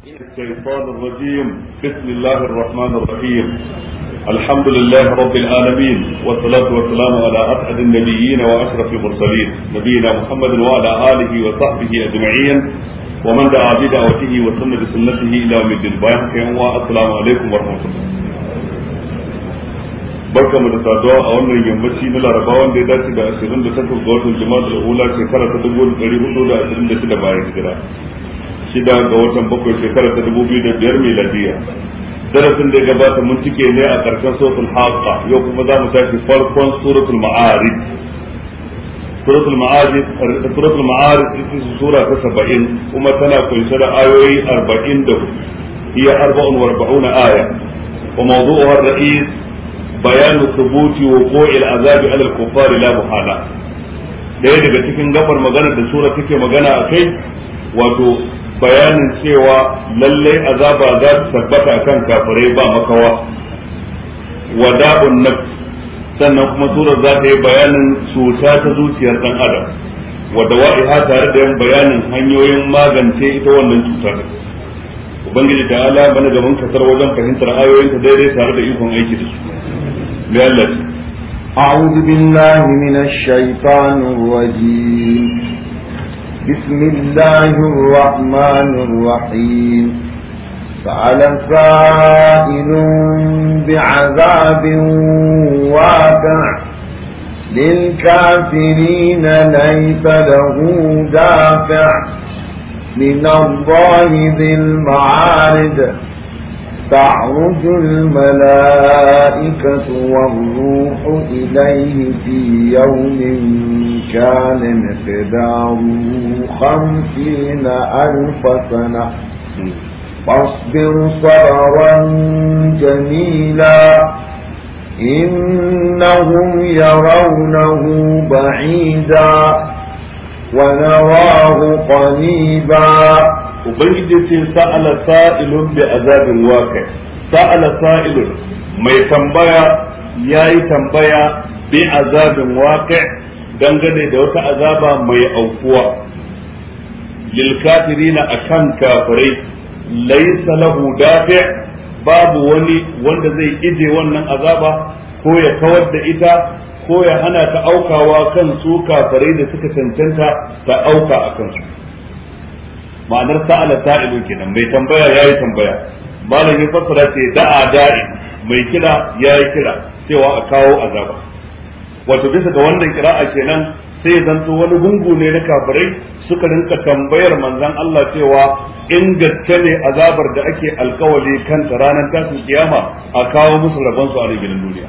الشيطان الرجيم بسم الله الرحمن الرحيم الحمد لله رب العالمين والصلاة والسلام على أسعد النبيين وأشرف المرسلين نبينا محمد وعلى آله وصحبه أجمعين ومن دعا بدعوته وسن بسنته إلى يوم الدين السلام عليكم ورحمة الله barka mu da saduwa a wannan yammaci na laraba wanda ya dace da 28 ga watan jima'a da ula shekara ta 1426 bayan hijira shida ga watan bakwai shekara ta dubu biyu da biyar miladiya darasin da ya gabata mun cike ne a ƙarshen suratul haqqa yau kuma za mu tashi farkon suratul ma'arij suratul ma'arij suratul ma'arij ita ce sura ta 70 kuma tana kunshe da ayoyi arba'in da iya hiya 44 aya wa mawdu'uha ar-ra'is bayan thubuti wuqu'i al-azabi 'ala al-kuffari la muhala daya daga cikin gafar magana da sura take magana akai wato bayanin cewa lallai azaba za ta tabbata kan kafirai ba makawa wada'un nafs sannan kuma surar za ta yi bayanin cuta ta zuciyar dan adam wadda wa'iha tare da yin bayanin hanyoyin magance ita wannan cutar ubangiji ta ala bana gaban kasar wajen fahimtar ayoyinta daidai tare da ikon aiki da su bi Allah أعوذ بالله من الشيطان الرجيم بسم الله الرحمن الرحيم فعلى سائل بعذاب واقع للكافرين ليس له دافع من الله ذي المعارج تعرج الملائكة والروح إليه في يوم كان مقداره خمسين ألف سنة فاصبر صبرا جميلا إنهم يرونه بعيدا ونراه قريبا ubangiji ce sa'ala sa'ilun bi azabin waqi sa'ala sa'ilun mai tambaya yayi tambaya bi azabin waqi dangane da wata azaba mai aukuwa lil kafirina akan kafirai laysa lahu dafi babu wani wanda zai ije wannan azaba ko ya kawar da ita ko ya hana ta aukawa kan su kafirai da suka cancanta ta auka a kansu ma'anar sa'ala sa'ilu kenan mai tambaya yayi tambaya malamin fassara ce da'a da'i mai kira yayi kira cewa a kawo azaba wato bisa ga wannan kira'a kenan sai ya zanto wani gungu ne na kafirai suka rinka tambayar manzan Allah cewa in gaske ne azabar da ake alkawali kanta ranar tashin kiyama a kawo musu su a rigin duniya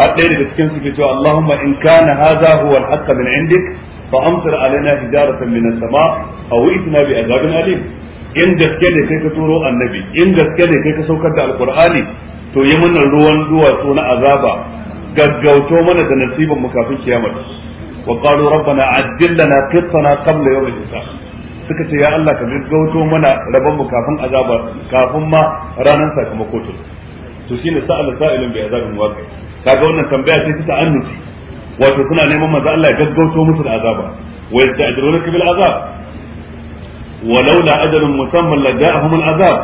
har ɗaya daga cikin suke cewa Allahumma in kana haza huwa al min indik fa amsar alaina hijaratan minas sama aw itna bi azabin alim in gaske ne kai ka turo annabi in gaske ne kai ka saukar da alqur'ani to yi mana ruwan duwatsu na azaba gaggauto mana da nasibin mu kafin kiyama wa qalu rabbana ajjil lana qittana qabla yawm al-hisab suka ce ya Allah ka gaggauto mana rabon mu kafin azaba kafin ma ranar sakamako to shine sa'al sa'ilun bi azabin waqi kaga wannan tambaya ce ta annuci wato suna neman manzo Allah ya gaggauto musu da azaba wa yasta'jilunaka bil azab ولولا أجل مسمى لجاءهم العذاب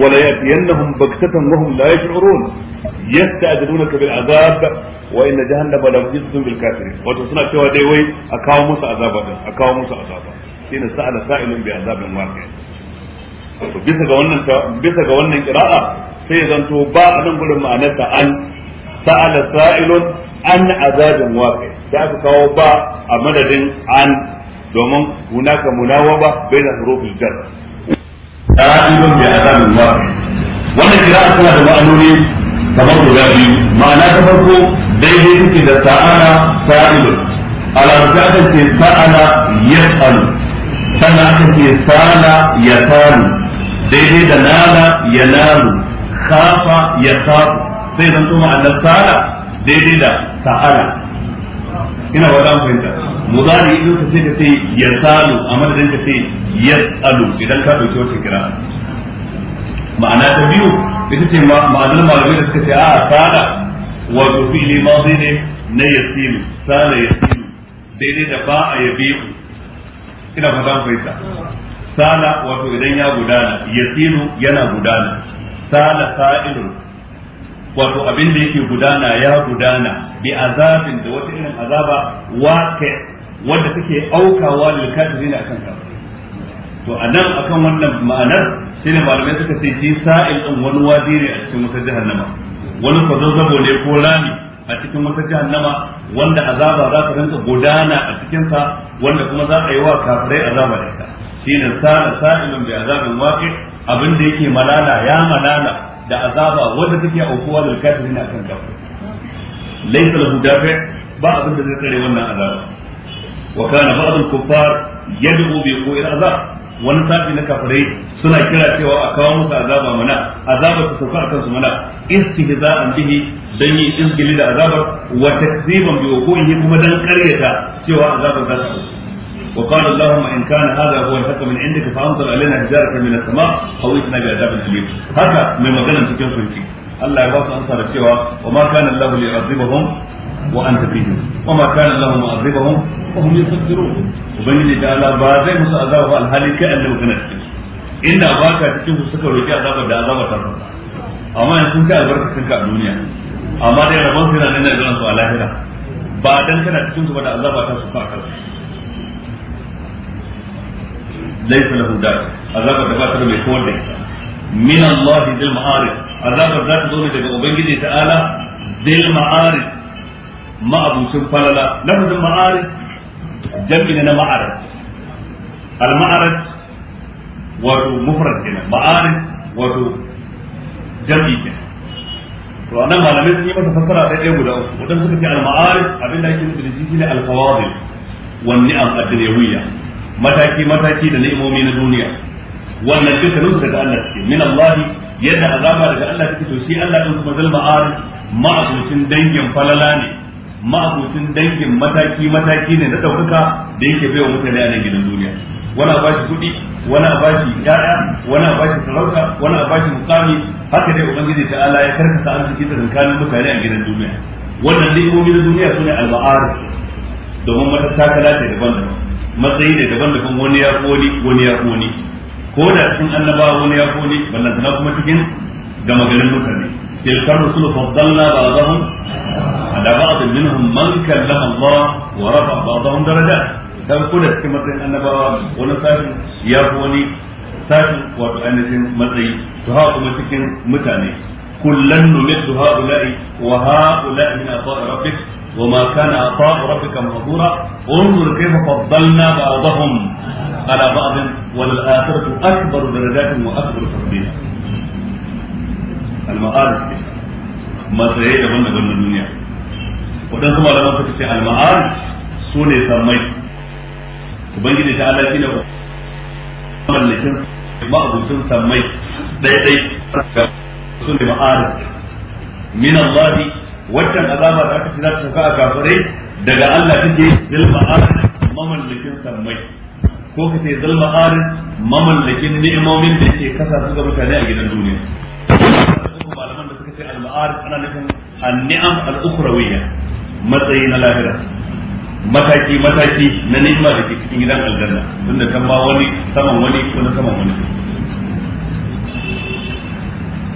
وليأتينهم بغتة وهم لا يشعرون يستأذنونك بالعذاب وإن جهنم لمحيطة بالكافرين وتصنع شوى ديوي أكاو موسى عذابا أكاو موسى عذابا حين سأل سائل بعذاب واقع bisa ga wannan bisa ga wannan kira'a sai zanto ba a nan gudun ma'anarta an sa'ala sa'ilun an azabin waqi da aka kawo ba a madadin an domin hunaka munawaba baina hurufil jar sa'ilun bi azabin waqi wannan kira'a tana da ma'anoni kamar guda biyu ma'ana ta farko daidai take da sa'ana sa'ilun alarta aka ce sa'ana yas'alu sannan aka ce sa'ana yasalu daidai da nala kafa ya yasafu Sai zai zanto ma'anar sala daidai da sa'ala ina ba za mu fahimta muzari idan ka ce ka ce ya salu a madadin ka ce ya salu idan ka ɗauki wata kira ma'ana ta biyu ita ce ma'anar malamai da suka ce a sala wato fi'ili mazi ne na yasilu sala yasilu daidai da ba a yabe ina ba za mu fahimta sala wato idan ya gudana yasilu yana gudana sala sa'ilun wato abin da yake gudana ya gudana bi azabin da wata irin azaba waqi wanda take aukawa lil kafirin akan kafirai to anan akan wannan ma'anar shine malamai suka ce shi sa'il din wani wadi ne a cikin wata jahannama wani kwazazzabo ne ko rami a cikin wata jahannama wanda azaba za ta rinka gudana a cikin sa wanda kuma za a yi wa kafirai azaba da ita shine sa'a sa'ilun bi azabin waqi abin da yake malala ya malala da azaba wanda take aukuwa da kafirin akan kafir laysa lahu dafi ba abin da zai tsare wannan azaba wa kana ba'd al-kuffar yad'u bi qawil azab wani sashi na kafirai suna kira cewa a kawo musu azaba mana azaba su sauka akan su mana istihza'an bihi dan yi izgili da azabar wa takziban bi wuqu'ihi kuma dan karyata cewa azabar za ta وقال اللهم ان كان هذا هو الحق من عندك فامطر علينا حجاره من السماء او ائتنا بعذاب اليم هذا من مغنى cikin sunci Allah ya ba su amsa da cewa wa ma kana Allah li yu'adhibahum wa anta fihim wa ma kana Allah mu'adhibahum wa hum yastaghfirun ubangiji da Allah ba zai musu azaba ba alhali kai annabi kana cikin inda ba ka cikin su suka roki azaba da azaba ta amma in sun ci albarkacin a duniya amma dai rabon su a lahira ba kana cikin su da azaba ta su ليس له دار عذاب الدفاتر من كل من الله ذي المعارف عذاب الذات دون جد وبين جدي تعالى ذي المعارف ما أبو سبحان الله لفظ المعارف جنب لنا معارف المعارف وهو مفرد هنا معارف وهو جنب لنا وأنا ما لم يكن يمكن تفسر على أي أبو داوس وتمسك في المعارف أبين لا يكون بالجيزين الفواضل والنعم الدنيوية mataki mataki da ni'imomi na duniya wannan dukkanin daga Allah take min Allah yadda azaba daga Allah take to shi Allah din kuma zalma ar ma'abucin dangin falala ne ma'abucin dangin mataki mataki ne na dauka da yake wa mutane a gidan duniya wani ba shi kuɗi wani ba shi yaya wani ba shi sarauta wani a bashi mukami haka dai ubangiji ta allah ya karkasa arziki da dukkanin mutane a gidan duniya wannan ni'imomi na duniya sune al-ma'arif domin mata takala ce daban-daban matsayi ne daban-daban wani ya koni wani ya koni ko da cikin annabawa wani ya koni ballantana kuma cikin gama garin mutane tilkar rusulu faddalna ba'dahum ala ba'd minhum man kallama Allah wa rafa ba'dahum darajat dan ko da cikin matsayin annabawa wani sashi ya koni sashi wato ainihin matsayi to ha kuma cikin mutane kullan numiddu ha'ula'i wa ha'ula'i min ata'i rabbik وما كان عطاء ربك مهدورا انظر كيف فضلنا بعضهم على بعض وللآخرة أكبر درجات وأكبر تفضيلا المعارف ما سيئة بنا بنا الدنيا ودن ثم لما تكتب المعارف سوني سمي وبنجد تعالى كنا مملكين بعض سن سمي دي دي سوني معارف من الله waccan azabar da aka ce za ta sauka a kafirai daga Allah take zil ma'arin mamallakin sammai ko ka ce zil ma'arin mamallakin ni'imomin da yake kasa su ga mutane a gidan duniya malaman da suka ce al-ma'arin ana nufin an-ni'am al-ukhrawiyya matsayi na lahira mataki mataki na ni'ima da ke cikin gidan aljanna tunda kan ma wani saman wani wani saman wani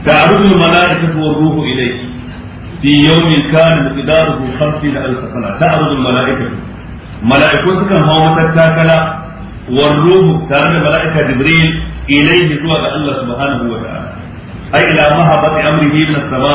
ta'arudul mala'ikatu wa ruhu ilayhi fi yawmin kana miqdaruhu 50 alf sana ta'rudu al mala'ikatu mala'iku sukan hau matattakala war ruhu tare da mala'ika jibril ilayhi zuwa ga Allah subhanahu wa ta'ala ai ila mahabbati amrihi min as-sama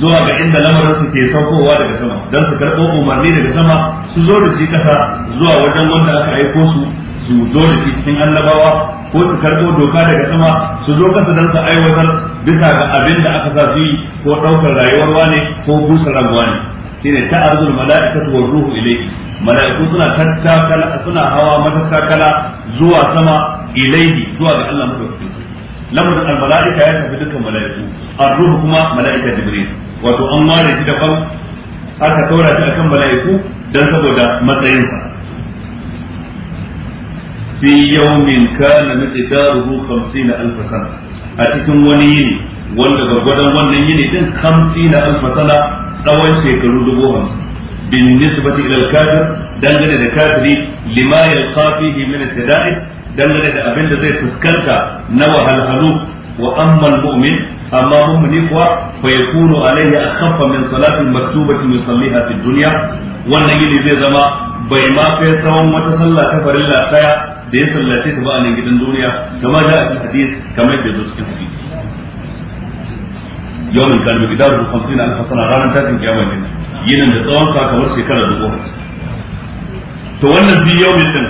zuwa ga inda lamarin su ke saukowa daga sama dan su karɓo umarni daga sama su zo da shi kasa zuwa wajen wanda aka aiko su su zo da shi cikin annabawa ko su karɓo doka daga sama su zo kasa dan su aiwatar bisa ga abin da aka sa su yi ko ɗaukar rayuwar wane ko busa ran wane shine ta'arzul mala'ikatu war ruhu ilayhi mala'iku suna tattakala suna hawa matattakala zuwa sama ilayhi zuwa ga Allah madaukakin lamarin al-mala'ika ya tafi dukkan mala'iku ar-ruhu kuma mala'ika jibril wato an ware shi daban aka saura shi akan mala'iku dan saboda matsayin matsayinsa fi yawmin kana miqdaruhu 50000 sana a cikin wani yini wanda gwargwadon wannan yini din kamsi na alfasala tsawon shekaru dubu hamsin bin nisbati ilal kafir dangane da kafiri lima yalqa fihi min al dangane da abin da zai fuskanta na wahalhalu wa amma mumin amma mu'mini kuwa fa yakunu alayhi akhaffa min salati maktubati yusalliha fi dunya wannan yini zai zama bai ma kai tsawon wata sallah ta farilla daya da ya sallace ta ba a nan gidan duniya da kamar da zo cikin hadisi ranar tashin kiyama da tsawon shekara dubu to wannan bi yawmin din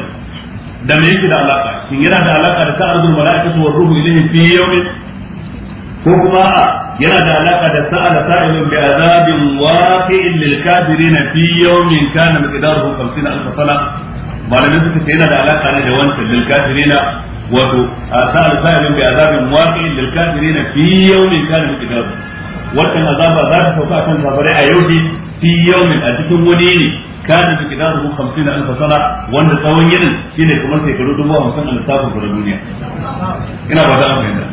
da me yake da alaka shin yana da alaka da ta'arzul malaikatu war ruhu ilayhi fi yawmin ko kuma yana da alaka da sa'ala sa'ilun bi azabin waqi'in lil kafirin fi yawmin kana miqdaruhu 50 alf sana malamai suka ce yana da alaka ne da wancan lil kafirina wato asal sa'ilun bai azabin waqi'in lil kafirina fi yawmin kana miqdaru wannan azaba za ta sauka kan kafirai a yau fi yawmin a cikin wani ne kana miqdaru 50 alf sana wanda tsawon yinin shine kamar shekaru 50 a lissafin da duniya ina ba da amfani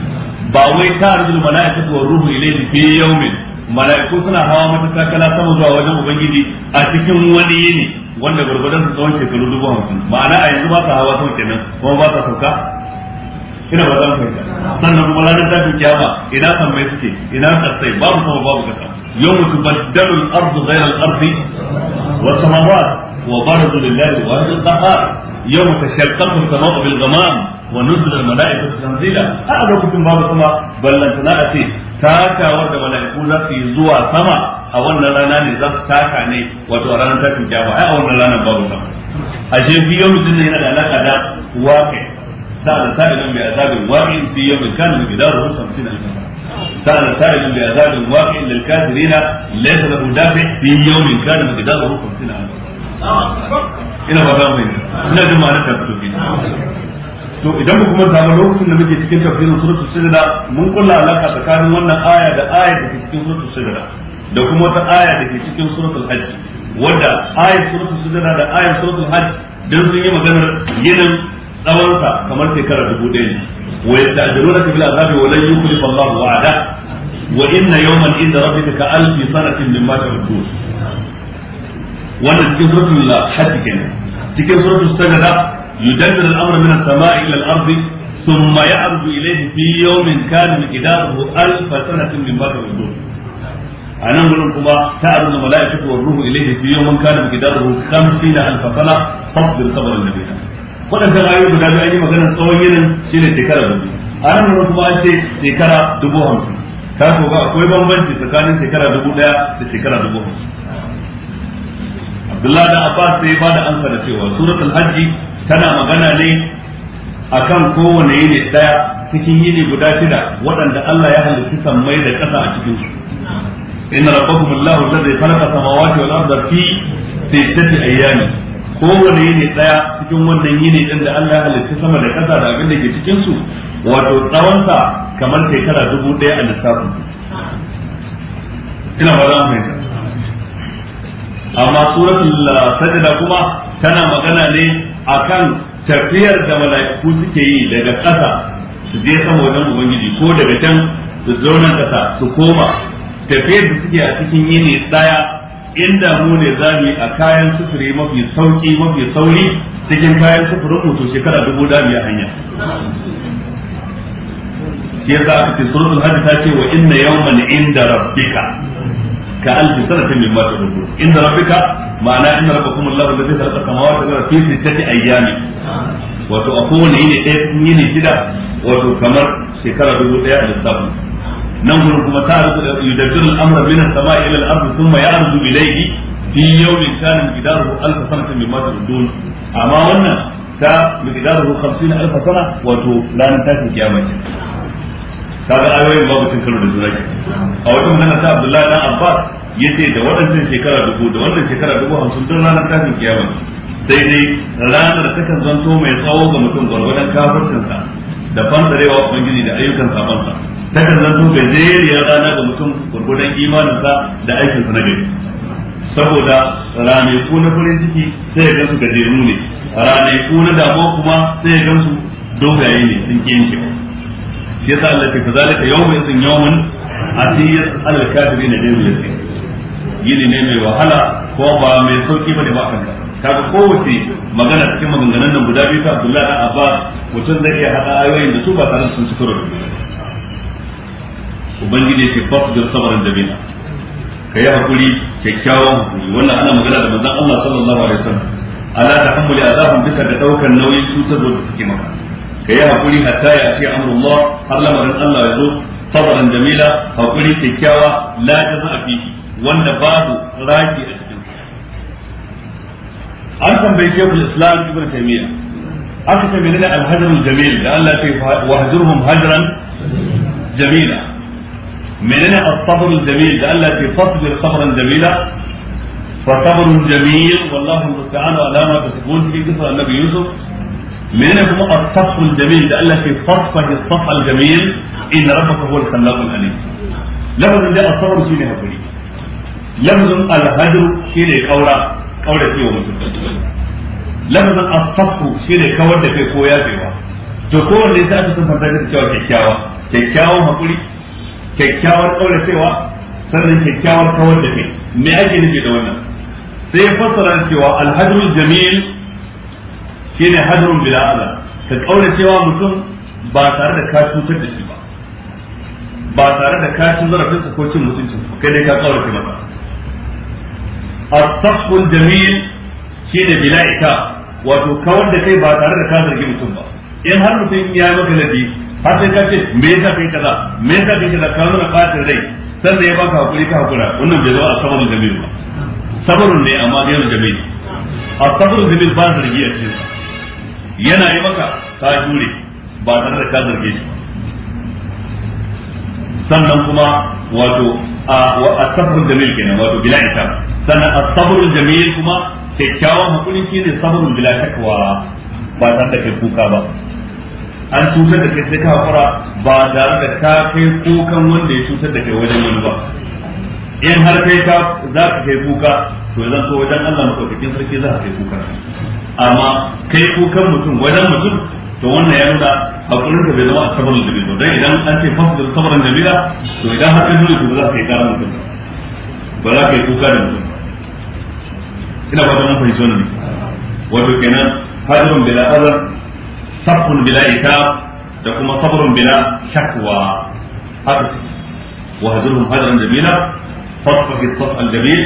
ba wai ta rajul malaikatu wa ruhu ilayhi fi yawmin mala'iku suna hawa mata takala sama zuwa wajen ubangiji a cikin wani yini wanda gurgurdan su tsawon shekaru dubu hamsin ma'ana a yanzu ba sa hawa sau kenan kuma ba sa sauka Kina ba za mu fahimta sannan kuma ranar tashin kiyama ina san mai suke ina kasai babu sama babu kasa yawmu tubaddalu al-ardu ghayra al-ardi wa samawat wa barazu lillahi wa al-qahar yawma tashaqqaqu as-sama'u bil ghamam wa nuzila al-mala'ikatu tanzila a lokacin babu sama ballantana a ce takawar da mala'iku za su yi zuwa sama a wannan rana ne za su taka ne wato a ranar tashin kiyama ai a wannan ranar babu a je biyo mutum ne yana da alaka da waƙe sa'ad sa'ilun bi azabin waƙe fi yawmin kana bi gidaru 50 alf sa'ad sa'ilun bi azabin waƙe lil kafirina laysa lahu dafi fi yawmin kana bi gidaru 50 alf ina ba za mu yi ina jin ma'anar ta fito bi to idan ku kuma zama lokacin da muke cikin tafsirin suratul sajda mun kulla alaka tsakanin wannan aya da aya da cikin suratul da kuma wata aya da ke cikin suratul hajj wanda ayar suratul sujada da ayar suratul hajj dan sun yi maganar yinin tsawonsa kamar shekara dubu ɗaya ne wa yasta'jiluna fil azabi wa lan yukhlifa Allahu wa'ada wa inna yawman inda rabbika ka alfi sanatin mimma ta'udun wannan cikin suratul hajj kenan cikin suratul sujada yudabbiru al-amra min as-sama'i ila al-ardi ثم يعرض إليه في يوم كان مقداره ألف سنة مما تعدون a nan gurin kuma ta arzu mala'ikatu wa ruhu ilaihi fi yawmin kana miqdaruhu 50 alf sana fasbir sabran nabiyya wadannan ayoyi guda biyu an yi maganar tsawon yinin shine shekara dubu a nan gurin kuma an ce shekara dubu hamsin ta ko ga akwai bambanci tsakanin shekara dubu daya da shekara dubu hamsin Abdullahi da Abbas sai ba da amsa da cewa suratul hajji tana magana ne akan kowane yini daya cikin yini guda shida waɗanda Allah ya halitta sammai da ƙasa a cikin su inna ربكم الله الذي خلق السماوات wal في fi sittati ayyamin kowane yini cikin wannan yini din da Allah ya halitta sama da kasa da abin da ke cikin su wato tsawonsa kamar shekara dubu ɗaya a lissafin ina ba za mu amma suratul sajda kuma tana magana ne akan tafiyar da mala'iku suke yi daga ƙasa su je sama wajen ubangiji ko daga can su zauna ƙasa su koma tafiyar da suke a cikin yini daya inda mu ne za mu yi a kayan sufuri mafi sauki mafi sauri cikin kayan sufurin mu shekara dubu da biya hanya shi yasa a cikin suratul hajj ta ce wa inna yawman inda rabbika ka alfi sanatin mimma dubu inda rabbika ma'ana inna rabbakum allahu alladhi khalaqa samawati wal arda fi sittati ayyami wato a kowane yini ɗaya yini shida wato kamar shekara dubu ɗaya a lissafin nan gurin kuma ta yudabbiru al-amra min as-sama'i ila al-ardi thumma ya'rudu ilayhi fi yawmin kana miqdaruhu alf min mimma ta'udun amma wannan ta miqdaruhu 50 alf sana wato ranar tashin kiyama ce kaga ayoyin babu cin karo da juna a wajen wata na sa Abdullahi dan Abbas ce da waɗannan shekara dubu da wannan shekara dubu hamsin don ranar tashin kiyama daidai ranar takan zanto mai tsawo ga mutum gwargwadon kafircinsa da fansarewa ubangiji da ayyukan sabansa takan zanto gajeriyar rana ga mutum gurgudan imaninsa da aikinsa na gari saboda ranaku na farin ciki sai ya gansu gajeru ne ranaku na damuwa kuma sai ya gansu dogaye ne sun kinke shi yasa Allah ta kazalika yawmin sun yawmin asiyat al-kafirin da yawmin yasi yini ne mai wahala ko ba mai sauki bane ba kanka kaga kowace magana cikin maganganun nan guda biyu ta Abdullahi Abbas mutum zai iya hada ayoyin da su ba tare da sun ci karo ubangiji ce fasbir sabarin jamila ka yi hakuri kyakkyawan hakuri wannan ana magana da manzon Allah sallallahu alaihi wasallam ala tahammuli azabin bisa da daukan nauyin cutar da suke maka ka yi hakuri hatta ya ce amrullah har lamarin Allah ya zo sabarin jamila hakuri kyakkyawa la jaza'a fihi wanda babu raki a cikin an tambayi shekul islam ibn taymiya aka ce menene alhajrul jamil da Allah ya ce wa hajruhum hajran jamila menene a sabr jamil da Allah ke fasbir sabran jamila fa sabrun jamil wallahu musta'anu ala ma tasbun fi qisa annabi yusuf menene kuma as-sabr jamil da Allah ke fasbir as-sabr jamil in rabbaka huwa al-khallaq al-alim lafazin da as-sabr shine hakuri lafazin al-hajr shine kaura kaura ce wa mutum lafazin as-sabr shine kawar da to kowanne sai aka cewa hakuri kyakkyawar cewa sannan kyakkyawar kawar da kai me ake nufi da wannan sai fassara cewa alhadrul jamil shine hadrun bila adha ka cewa mutum ba tare da ka cutar da shi ba ba tare da ka cin zarafinsa ko cin mutuncinsa kai dai ka kaurace masa as-safhul jamil shine bila ita wato kawar da kai ba tare da ka zargi mutum ba in har mutum ya maka ladi har sai ka ce me yasa kai kaza me yasa kai kaza ka nuna bacin rai sannan ya baka hakuri ka hakura wannan bai zama sabarun jamil ba sabarun ne amma bai zama jamil asabarun jamil ba zargi a cikin yana yi maka ka jure ba tare da ka zarge shi sannan kuma wato a sabarun jamil kenan wato bila ita sannan a sabarun jamil kuma kyakkyawan hakuri ne sabarun bila shakawa ba tare da kai kuka ba an cutar da kai sai ka fara ba tare da ka kai kukan wanda ya cutar da kai wajen wani ba in har kai ka za ka kai kuka to zan so wajen Allah madaukakin sarki za ka kai kuka amma kai kukan mutum wajen mutum to wannan ya nuna hakurin ka bai zama a sabon da bai don idan an ce fasu da sabon da bila to idan har kai nuna ba za ka yi kara mutum ba za ka yi kuka da mutum ina ba ta mun fahimci wannan wato kenan hadirin bila azar sabrun bila ita da kuma sabrun bila shakwa haka wa hadrun hadran jamila fasfah as-saf al-jamil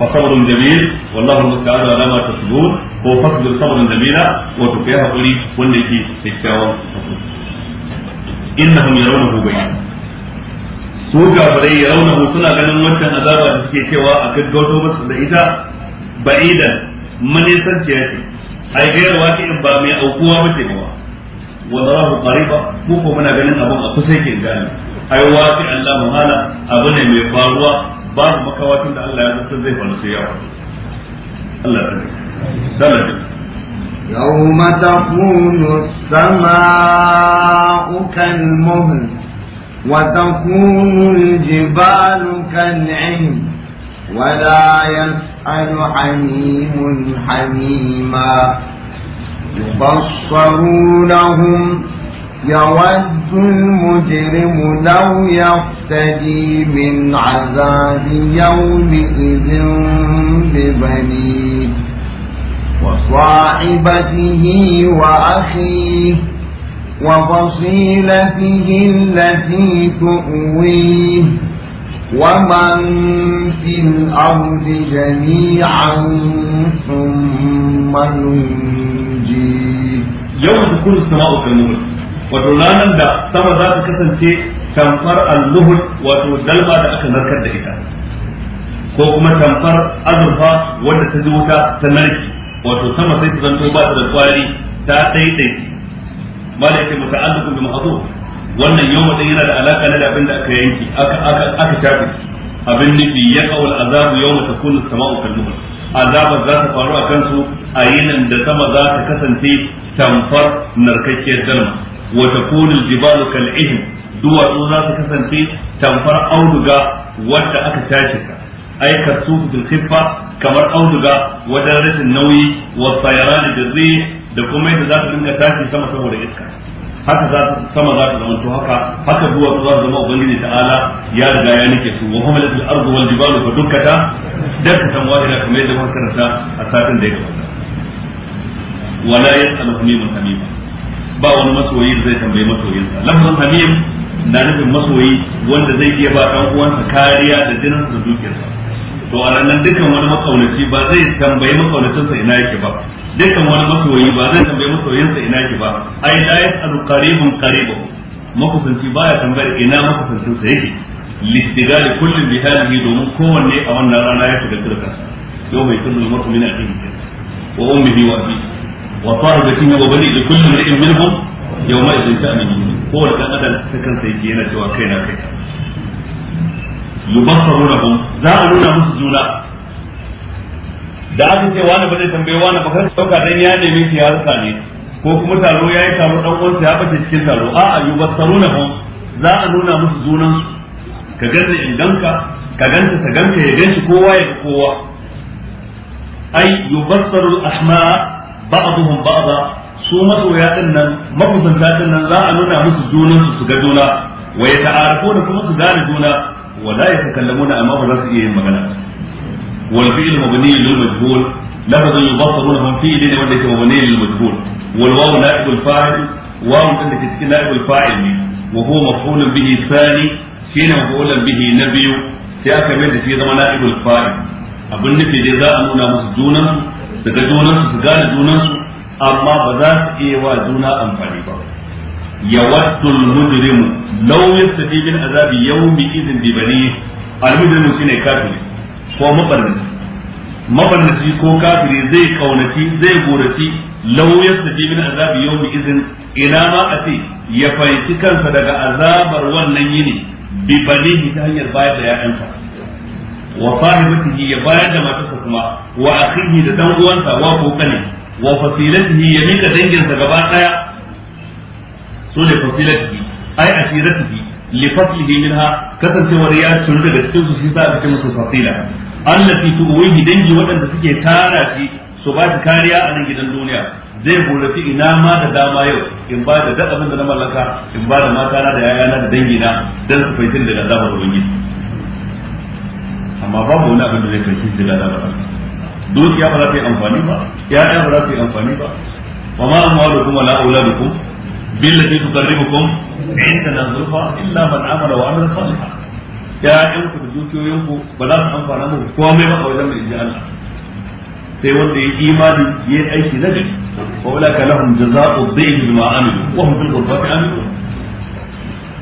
fa sabrun jamil wallahu musta'an ala ma tasbun ko fasbir sabrun jamila wa to kai hakuri wanda yake kyakkyawan innahum yarawnahu bayyan su ga kafirai yarawnahu suna ganin wancan azaba da suke cewa a gaggauto musu da ita ba'idan manisanciya ce ai gairu in ba mai aukuwa bace ne wa wa zarahu qariba ko ko muna ganin abun a kusa yake gani ai waqi Allah muhala abu ne mai faruwa babu makawatin da Allah ya san zai faru sai ya faru Allah ya sani يوم تكون السماء كالمهل وتكون الجبال كالعين ولا يسأل حميم حميما يبصرونهم يود المجرم لو يفتدي من عذاب يومئذ ببنيه وصاحبته وأخيه وفصيلته التي تؤويه ومن في الأرض جميعا ثم ينجي يوم تكون السماء كالمهل وترانا دا سما ذات كسنتي تنفر اللهل وتدلما دا أكا نركد دا إتا كوكما تنفر أذرها ودا تزوتا تنركي وتسمى سيتزن توبات الأسواري تا تيتي ما ليس متعلق بمحظوظ wannan yau mutum yana da alaka na da abin da aka yanki aka aka aka tafi abin nufi ya kawal azabu yau mata kunu sama'u azabar za ta faru a kansu a yinin da sama za ta kasance tamfar narkakkiyar dalma wa takunu jibalu kal'ihm duwatsu za ta kasance tamfar auduga wadda aka tashi ka aikar su bil khifa kamar auduga wadda rashin nauyi wa sayaran da zai da kuma yadda za ta dinga tashi sama saboda iska haka za sama za ta zamanto haka haka zuwa za ta zama ubangiji ala ya riga ya nake su wa kuma al-ardu wal jibalu fa dukkata dakkatan wahida kamar yadda muka karanta a satin da ya gabata wala yasalu hamimun hamima ba wani masoyi da zai tambayi masoyinsa lafazin hamim na nufin masoyi wanda zai iya ba dan uwansa kariya da jininsa da dukiyarsa to a ranar dukkan wani makaunaci ba zai tambayi makaunacinsa ina yake ba dukkan wani masoyi ba zai tambaye masoyinsa ina ki ba ai la yasalu qaribun qaribahu makusanci baya tambayar ina makusancin sa yake listigali kullum bi halihi domin kowanne a wannan rana ya shiga kirkan yau mai kullu mar'u min cikin. wa ummihi wa abi wa sahibatihi wa bani li kulli mar'in minhum yawma idhin sha'ani kowanne dan adam ta kansa yake yana cewa kai na kai yubassarunahum za a nuna musu juna da aka ce wani ba zai tambaye wani ba kar dauka dan ya nemi shi ya rasa ne ko kuma taro yayi taro dan uwansa ya bace cikin taro a a yubassaruna hum za a nuna musu junan su ka ganni in ganka ka ganta ta ganka ya ganshi kowa ya kowa ai yubassaru al-ahma ba'dhum ba'dha su masoya din nan makusanta din nan za a nuna musu junan su su ga juna wa ya ta'arafuna kuma su gane juna wala yatakallamuna amma ba za su iya yin magana والفعل مبني للمجهول لفظ يبصرونهم فيه دين وانك مبني للمجهول والواو نائب الفاعل واو انك تكون نائب الفاعل وهو مفعول به ثاني شين مفعولا به نبي سياك من في زمان نائب الفاعل abin nufi dai za a nuna musu junan daga ga junan su gane junan su amma ba za su iya wa juna amfani ba yawaddu al-mujrimu law yastati azabi yawmi idhin bi bani al-mujrimu shine kafiri ko mabarnaci mabarnaci ko kafiri zai kaunaci zai goraci lauyar sa min azabi yawmi izin ina ma a ya fahimci kansa daga azabar wannan yini bi banihi ta hanyar bayar da ya'yansa wa sahibatihi ya bayar da matarsa kuma wa akhihi da dan uwansa wa kokani wa fasilatihi ya mika danginsa gaba daya so da fasilatihi ai asiratihi li faslihi minha kasancewar ya tunu daga cikin su shi sa aka ce musu fasila allati tuwihi dangi waɗanda suke tara shi su ba shi kariya a nan gidan duniya zai gorafi ina ma da dama yau in ba da duk da na mallaka in ba da mata na da dangi da dan su faitin daga azabar ubangiji amma babu wani abin da zai faitin daga azabar dukiya ba za ta yi amfani ba ya'ya ba za ta yi amfani ba wa ma amwalukum wala auladukum billati tuqarribukum na zulfa illa man amala wa amila salihan ƴaƴanku da dukiyoyinku ba za su amfana muku komai ba a wajen mai inji Allah sai wanda ya imani ya aiki na gari wa ulaka lahum jazaa'u dhayf bima amilu wa hum fil ghurfati aminun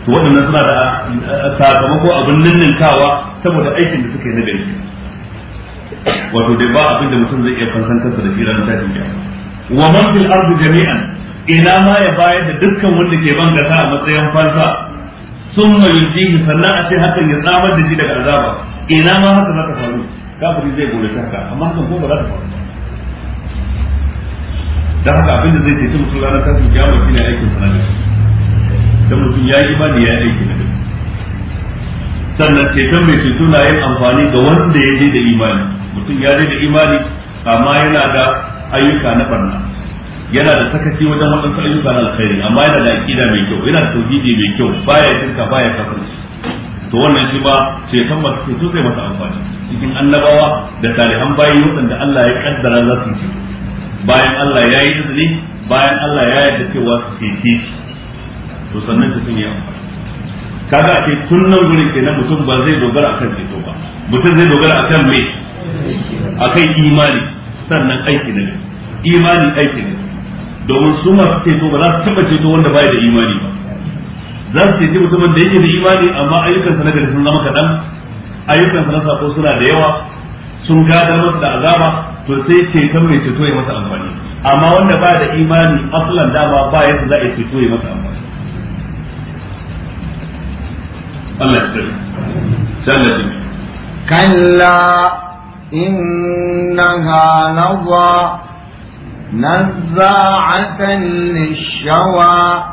to waɗannan suna da sakamako abin ninninkawa saboda aikin da suka yi na gari wato dai ba abin da mutum zai iya fansan da shi ranar tashin wa man fil ardi jami'an ina ma ya bayar da dukkan wanda ke bangata a matsayin fansa Sun yunjihi sannan a ce hakan ya tsamar da shi daga azaba ina ma haka za ta faru kafiri zai gode haka amma hakan ko ba za ta faru da haka abin da zai tafi mutum ranar kafin kiyama ne aikin sa na da dan mutum ya yi imani ya yi aiki da sannan ceton mai ceto na yin amfani ga wanda ya je da imani mutum ya je da imani amma yana da ayyuka na barna yana da sakaci wajen waɗansu ayyuka na alkhairi amma yana da aƙida mai kyau yana da tauhidi mai kyau baya tinka baya kafirci to wannan shi ba sai san masu ceto zai masa amfani cikin annabawa da salihan bayi da Allah ya kaddara za su ci bayan Allah ya yi izini bayan Allah ya yarda cewa su cece shi to sannan ta sun yi amfani kaga a tun nan gurin kenan mutum ba zai dogara akan ceto ba mutum zai dogara akan me akan imani sannan aiki ne imani aiki ne domin su masu ceto ba za su taba ceto wanda baya da imani ba za su ceci mutumin da yake da imani amma ayyukansa na gari sun zama kaɗan ayyukansa na sako suna da yawa sun gadar masa da azaba to sai ceton mai ceto ya masa amfani amma wanda baya da imani aslan dama ba yadda za a ceto ya masa amfani Allah ya tsari. Kalla, كلا إنها لظى نزاعة للشوى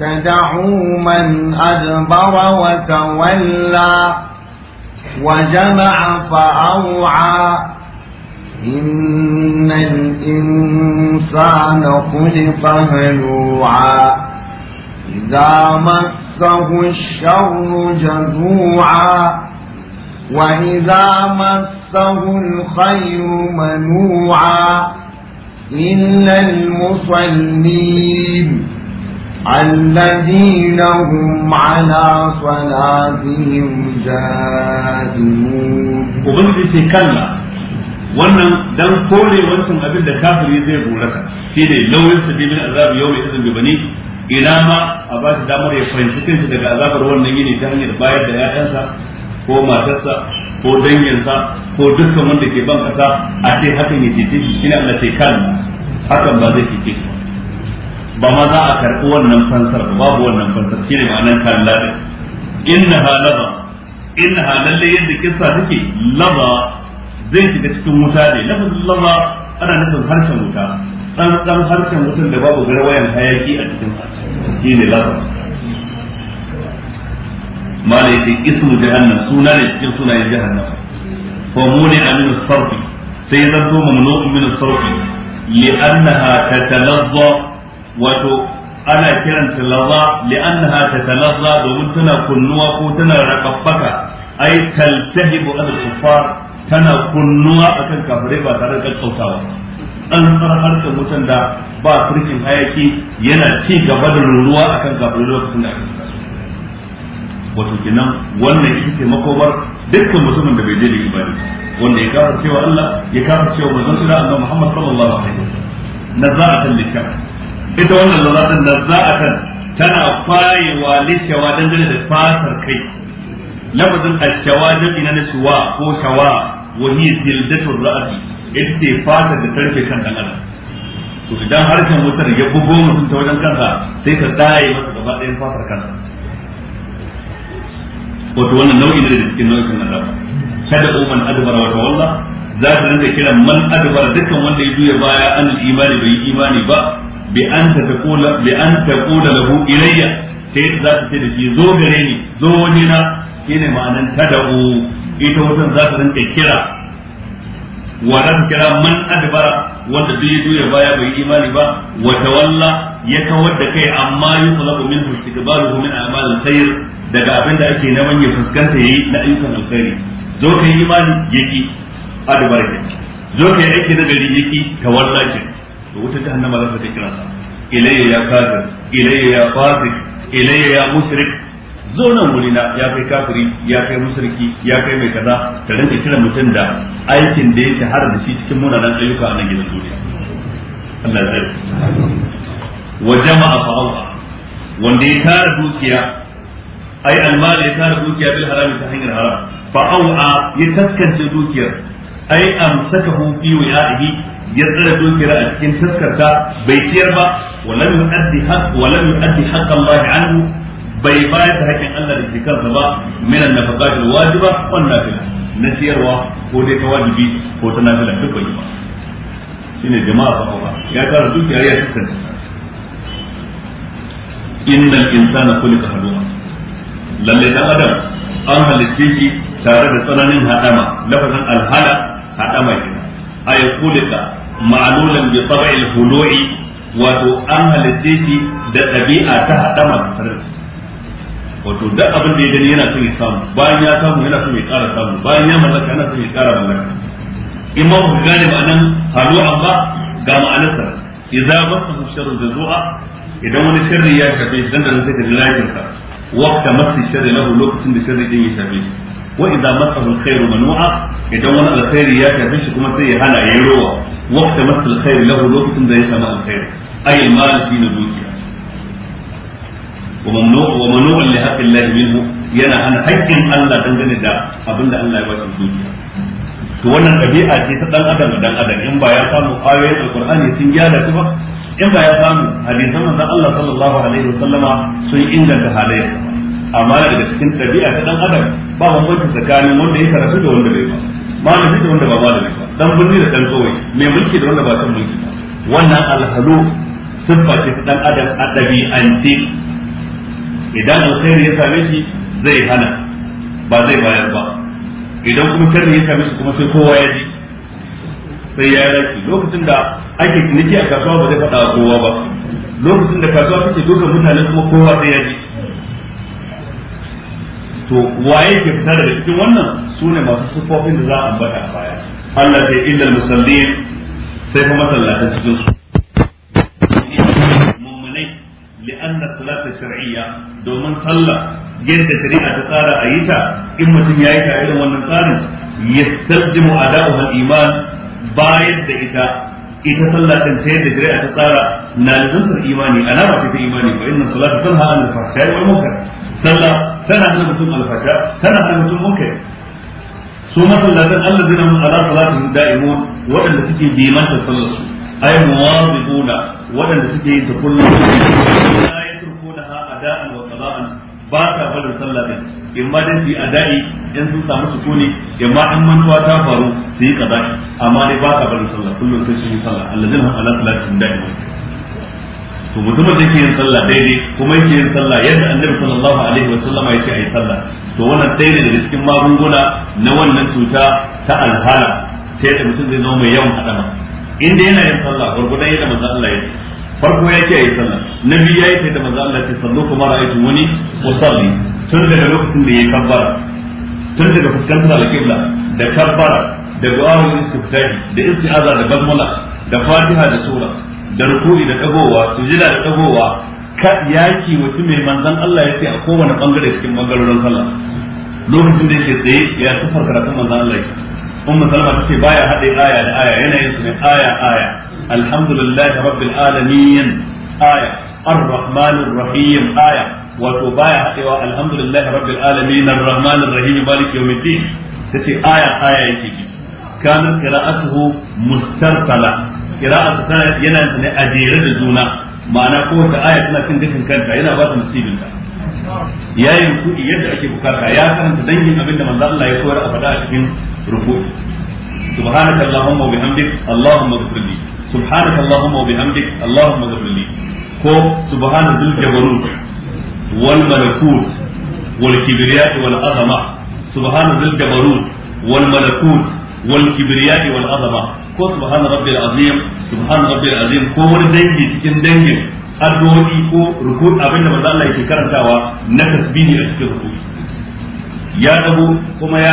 تدعو من أدبر وتولى وجمع فأوعى إن الإنسان خلق هلوعا إذا مسه الشر جزوعا وإذا مسه الخير منوعا إلا المصلين الذين هم على صلاتهم جاثمون وبنجي كلا wannan dan kore wancan abin da kafiri zai goraka shi ne lauyin sa bi min azab yau mai izin bibani ina ma a ba shi damar ya fahimci kansa daga azabar wannan yini ta hanyar bayar da 'ya'yansa ko matarsa ko danginsa ko dukkan wanda ke ban kasa a ce hakan ya cece shi shine Allah ce kan hakan ba zai cece shi ba ma za a karɓi wannan fansar ba babu wannan fansar ne ma'anar kan lada inna halaba inna halalle yadda kissa take laba zai shiga cikin wuta ne lafazin laba ana nufin harshen wuta dan dan harshen wutan da babu garwayan hayaki a cikin sa ne laba mala yace ismu jahannam suna ne cikin sunayen jahannam fa muni amin sarfi sai zanto mamnu'un min sarfi li'annaha tatalazza wato ana kiranta laza ta tatalazza domin tana kunnuwa ko tana rakaffaka ai taltahibu al kuffar tana kunnuwa akan kafirai ba tare da kautawa an har harkar mutan da ba furkin hayaki yana ci gaba da ruruwa akan kafirai lokacin da aka wato kenan wannan ita ce makobar dukkan mutumin da bai je da imani wanda ya kafa cewa Allah ya kafa cewa manzon sura annabi Muhammad sallallahu alaihi wasallam naza'atan likam ita wannan naza'atan naza'atan tana fayewa lishawa dangane da fatar kai lafazin ashawa dan ina na shuwa ko shawa wa hiya dildatur ra'si ita ce fatar da tarfe kan dan adam to idan harshen wutar ya bugo mutum ta wajen kansa sai ka tsaye masa gaba ɗayan fatar kansa wato wannan nau'i ne da cikin nau'ikan azaba kada uman adbara wa tawalla za ta rinka kira man adbara dukkan wanda ya juya baya an imani bai imani ba bi an ta taqula bi an taqula lahu ilayya sai za ta ce da shi zo gare ni zo wani na shine ma'anan tada'u ita wajen za ta rinka kira wa za kira man adbara wanda duk juya baya bai imani ba wa tawalla ya kawar da kai amma yusulabu minhu istiqbaluhu min a'mal khayr daga abin da ake neman ya fuskanta yayi na ayyukan alkhairi zo ka yi imani yaki adbarka zo ka yi aiki na gari yaki tawalla ki to wuta ta annama za ta kira sa ilayya ya kafir ilayya ya fasik ilayya ya musrik zo nan wuri na ya kai kafiri ya kai musriki ya kai mai kaza ta rinka kira mutum da aikin da ya har da shi cikin munanan ayyuka a nan gidan duniya Allah ya wa jama'a fa'awa wanda ya tara dukiya ai almal ya tara dukiya bil haram ta hanyar haram fa au'a ya taskance dukiyar ai amsakahu fi wa'ihi ya tsara dukiyar a cikin taskarta bai ciyar ba walam yu'addi haqq walam yu'addi haqq Allah anhu bai bayar da haƙƙin Allah da ke kansa ba min an-nafaqat al-wajiba wan nafila na ciyarwa ko dai ta wajibi ko ta nafila duk bai ba shine jama'a ba ba ya tsara dukiyar ya taskance innal insana khuliqa halu'a lalle dan adam an halitta shi tare da tsananin hadama lafazin alhala hadama kenan ay kulika ma'lulan bi tab'il hulu'i wato an halitta shi da ɗabi'a ta hadama tare wato duk abin da ya gani yana son ya samu bayan ya samu yana son ya ƙara samu bayan ya mallaka yana son ya ƙara mallaka in ba ku gane ma'anan halu'an ba ga ma'anarsa idza masahu sharru jazua idan wani sharri ya shafe dan da zai ta ji lafiyarsa waqta masu sharri lokacin da sharri din ya shafe shi wa idza masahu alkhairu manu'a idan wani alkhairi ya shafe shi kuma sai ya hana ya rowa waqta masu alkhairu lokacin da ya samu alkhairi ay almal shi dukiya wa mamnu wa manu'a li haqqi Allah yana hana haƙƙin Allah dangane da abinda Allah ya dukiya to wannan ɗabi'a ce ta dan adam da dan adam in ba ya samu ayoyin alkur'ani sun gyara shi ba in ba ya samu hadisan manzon Allah sallallahu alaihi wasallama sun inganta halayen amma daga cikin tabi'a ta dan adam ba bambanci tsakanin wanda ya karatu da wanda bai ba malami da wanda ba malami ba dan bunni da dan tsowai mai mulki da wanda ba san mulki ba wannan alhalu siffa ce dan adam a ɗabi'ance idan alkhairi ya same shi zai hana ba zai bayar ba idan kuma sharri ya same shi kuma sai kowa ya ji sai ya raki lokacin da ake ciniki a kasuwa ba zai faɗa a kowa ba lokacin da kasuwa take dukan mutane kuma kowa sai ya ji to waye ke fita daga cikin wannan su ne masu siffofin da za a ambata a baya Allah sai illal musallin sai kuma masallatan cikin su mummunai li'anna salata shar'iyya domin sallah yadda shari'a ta tsara a yi ta in mutum ya yi ta irin wannan tsarin yastalzimu ada'uha al-iman bayar da ita ita sallah din ta da shari'a ta tsara na lazantar imani alama ce ta imani fa inna salata tanha anil fahsha'i wal munkar sallah tana hana mutum alfasha tana hana mutum munkar su masallatan allazina hum ala salatihim da'imun wadanda suke bimanta sallar su ay muwazibuna wadanda suke yin ta kullum la yatrukunaha ada'an wa qada'an ba ta fara sallah din in ma dai su yi adai in sun samu sukuni in ma an mantuwa ta faru su yi kaza amma dai ba ta fara sallah kullum sai su yi sallah allazin hum ala salatin dai to mutumin da ke yin sallah daidai kuma yake yin sallah yadda annabi sallallahu alaihi wa sallama yake yin sallah to wannan ɗaya ne daga cikin magunguna na wannan cuta ta alhala sai da mutum zai zama mai yawan hadama inda yana yin sallah gurgudan yadda manzo Allah yake farko ya yi sallah na biyu ya yi da manzo Allah ce sallu kuma ra'aytu wani musalli tun daga lokacin da yi kabbara tun daga fuskantar alƙibla da kabbara da du'a'ul istiftahi da isti'aza da basmala da fatiha da sura da ruku'i da dagowa sujida da dagowa ka yaki mutum mai manzon Allah ce a kowane bangare cikin bangarorin sallah lokacin da yake tsaye ya kafar karatun manzon Allah umma salama tace baya hade aya da aya yana yin su ne aya aya alhamdulillahi rabbil alamin aya ar-rahmanir rahim aya wato baya hadewa alhamdulillahi rabbil alamin ar-rahmanir rahim maliki yawmiddin tace aya aya yake ki kana qira'atuhu mustarsala qira'atu tana yana ne a jere da juna ma'ana kowace aya tana cin dukkan kanta yana ba ta musibin ta ya yi rukuɗi yadda ake bukata ya karanta dangin abin da manzo Allah ya koyar a fada a cikin rukuɗi subhanaka allahumma wa subhanaka allahumma wa bihamdik allahumma ghfir li ko subhana dhil jabarut dangi addu'o'i ko rukun abinda na tasbihi ya dago kuma ya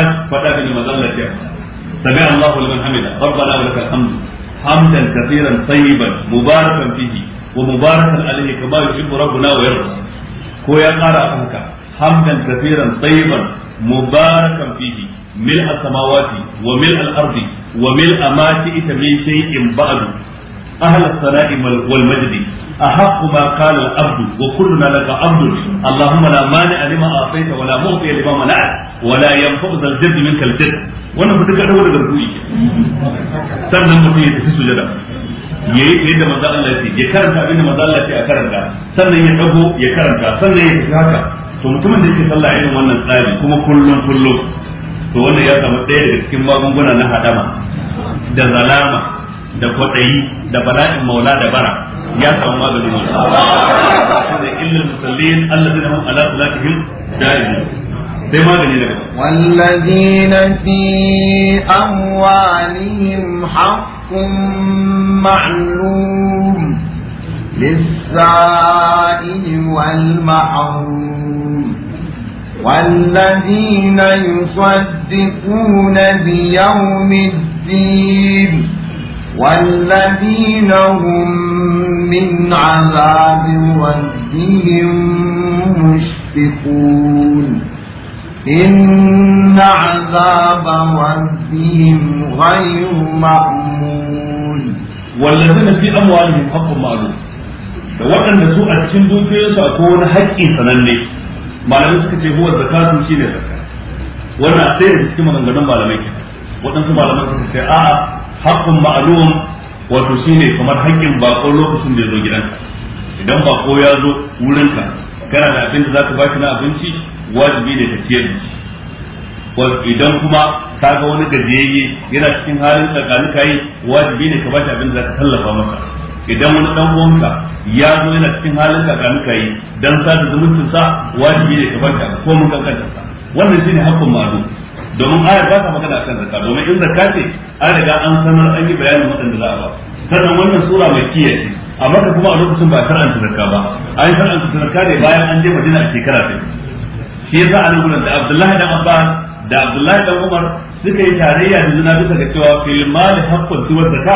hamdan kathiran tayyiban mubarakan fihi wa mubarakan alayhi kama yuhibbu rabbuna wa yarda ko ya kara anka hamdan kathiran tayyiban mubarakan fihi ملء السماوات وملء الأرض وملء ما شئت من شيء بعد أهل الثناء والمجد أحق ما قال العبد وكلنا لك عبد اللهم لا مانع لما أعطيت ولا معطي لما منعت ولا ينفع ذا الجد منك الجد wannan mutum ka dawo da garkuwi sannan mutum ya tafi sujada ya yi yadda manzo Allah ce ya karanta abin da manzo Allah ce a karanta sannan ya dago ya karanta sannan ya tafi haka to mutumin da yake sallah irin wannan tsari kuma kullum kullum to wannan ya samu ɗaya daga cikin magunguna na hadama da zalama da kwaɗayi da bala'in maula da bara ya samu maganin wannan da illal musallin alladhina hum ala salatihim da'imun sai magani daga والذين في أموالهم حق معلوم للسائل والمحروم والذين يصدقون بيوم الدين والذين هم من عذاب ربهم مشفقون إن عذاب ربهم غير مأمون والذين في أموالهم حق معلوم da waɗanda su a cikin dukiyoyinsu akwai wani haƙƙi sananne malamai suka ce huwa zakatun shi ne zakka wannan sai da cikin maganganun malamai waɗansu a'a Hakkun ma'alum wato shine kamar haƙƙin bako lokacin da ya zo gidan idan bako ya zo wurinka kana da abin da zaka baki na abinci wajibi ne ka ciyar da shi idan kuma ka ga wani gajiyayye yana cikin halin tsakanin yi, wajibi ne ka shi abin da zaka tallafa masa idan wani dan uwanka ya zo yana cikin halin tsakanin yi dan sa da zumuncin sa wajibi ne ka bashi ko mun kankanta sa wannan shine haƙƙun ma'alum domin ayar ba ta magana akan zaka. domin in zakka ce an riga an sanar an yi bayanin waɗanda za a ba sannan wannan sura mai kiyaye a maka kuma a lokacin ba shar'anta zakka ba an shar'anta zakka ne bayan an je madina a shekara ta shi sa a nan da Abdullahi dan Abbas da Abdullahi dan Umar suka yi tarayya da juna bisa ga cewa fil mal haqqun tuwa zakka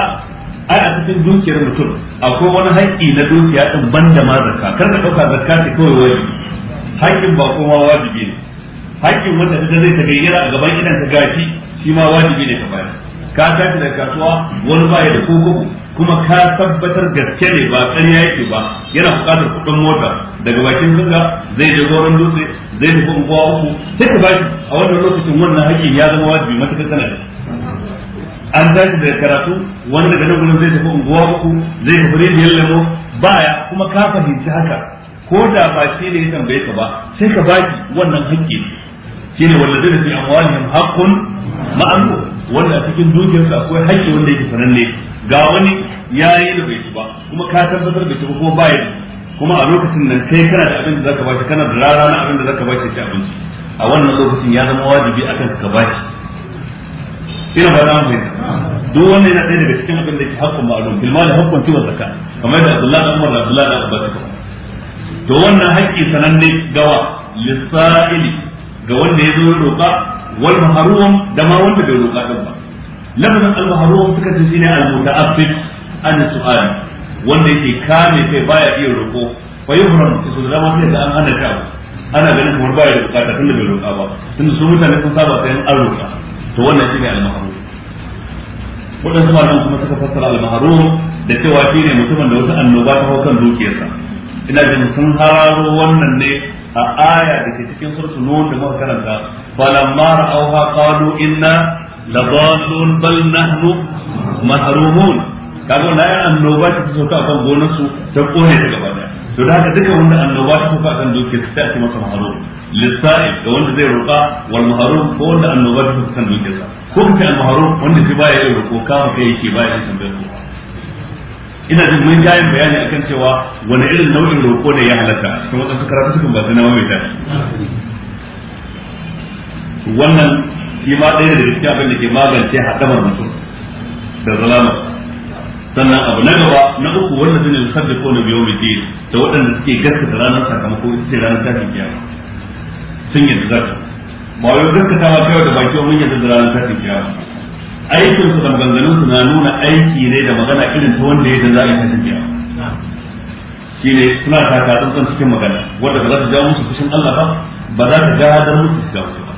ai a cikin dukiyar mutum akwai wani haƙƙi na dukiya ɗin ban da ma zaka. kar ka dauka zakka ce kawai wajibi haƙƙin ba kuma wajibi ne hakkin wanda ta zai ta gayyara a gaban idan ta gashi shi ma wajibi ne ka bayar ka tashi da kasuwa wani baya da koko kuma ka tabbatar gaske ne ba ƙarya yake ba yana buƙatar kuɗin mota daga bakin zunga zai je goron dutse zai tafi unguwa uku sai ka bashi a wannan lokacin wannan hakkin ya zama wajibi matakan da. an tashi da karatu wanda daga nan zai tafi unguwa uku zai tafi rijiyar lemo baya kuma ka fahimci haka ko da ba shi ne ya tambaye ka ba sai ka baki wannan hakki shine walladina fi amwalihim haqqun ma'lum wanda a cikin dukiyarsu akwai haƙƙi wanda yake sananne ga wani yayi da bai ci ba kuma ka tabbatar bai ci ba kuma ba kuma a lokacin nan kai kana da abin da zaka bashi kana da rara na abin da zaka bashi ci abinci a wannan lokacin ya zama wajibi akan ka bashi ina ba zan bai duk wannan yana ɗaya daga cikin abin da ke haƙƙun ma'lum bil mali hakkun tiwa zakka kamar da Abdullahi ibn Umar da Abdullahi ibn Abbas to wannan haƙƙi sananne gawa lisa'ili ga wanda ya zo ya roƙa wal maharum da ma wanda bai roƙa din ba lafazin al maharum suka ce shine al muta'affif an su'al wanda yake kame kai baya iya roƙo fa yuhram su da ma sai an hana ta ana ganin kamar baya da bukata tunda bai roƙa ba tunda su mutane sun saba sai an roƙa to wannan shine al mahrum waɗansu malaman kuma suka fassara al maharum da cewa shine mutumin da wata annoba ta hau dukiyarsa ina jin sun hararo wannan ne a aya da ke cikin sursu nun da muka karanta falamma ra'awha qalu inna ladallun bal nahnu mahrumun kaga wannan ayar annoba ta ka kan gonar su ta kone ta gaba daya to da haka duka wanda annoba ta ka kan dukiyar ta ake masa mahrum lissa'i da wanda zai roƙa wal mahrum ko wanda annoba ta ka kan dukiyar sa ko kai al mahrum wanda shi baya yin roƙo kawo kai yake baya yin tambayar ina jin mun ja yin bayani akan cewa wani irin nau'in roƙo ne ya halatta cikin wadansu karatu cikin ba sanawa mai tashi wannan shi ma ɗaya da cikin abin da ke magance haɗamar mutum da zalama sannan abu na gaba na uku wannan zai ne sabbi ko na biyo mai ke da waɗanda suke gaskata ranar sakamako ita ce ranar tashin kiyama sun yadda zaka ba wai gaskatawa ta yau da baki mun yadda da ranar tashin kiyama aikin su da maganganun su na nuna aiki ne da magana irin ta wanda ya za a yi ta shi ne suna taka tsantsan cikin magana wanda ba za ta jawo musu fushin Allah ba ba za ta gadar musu su jawo ba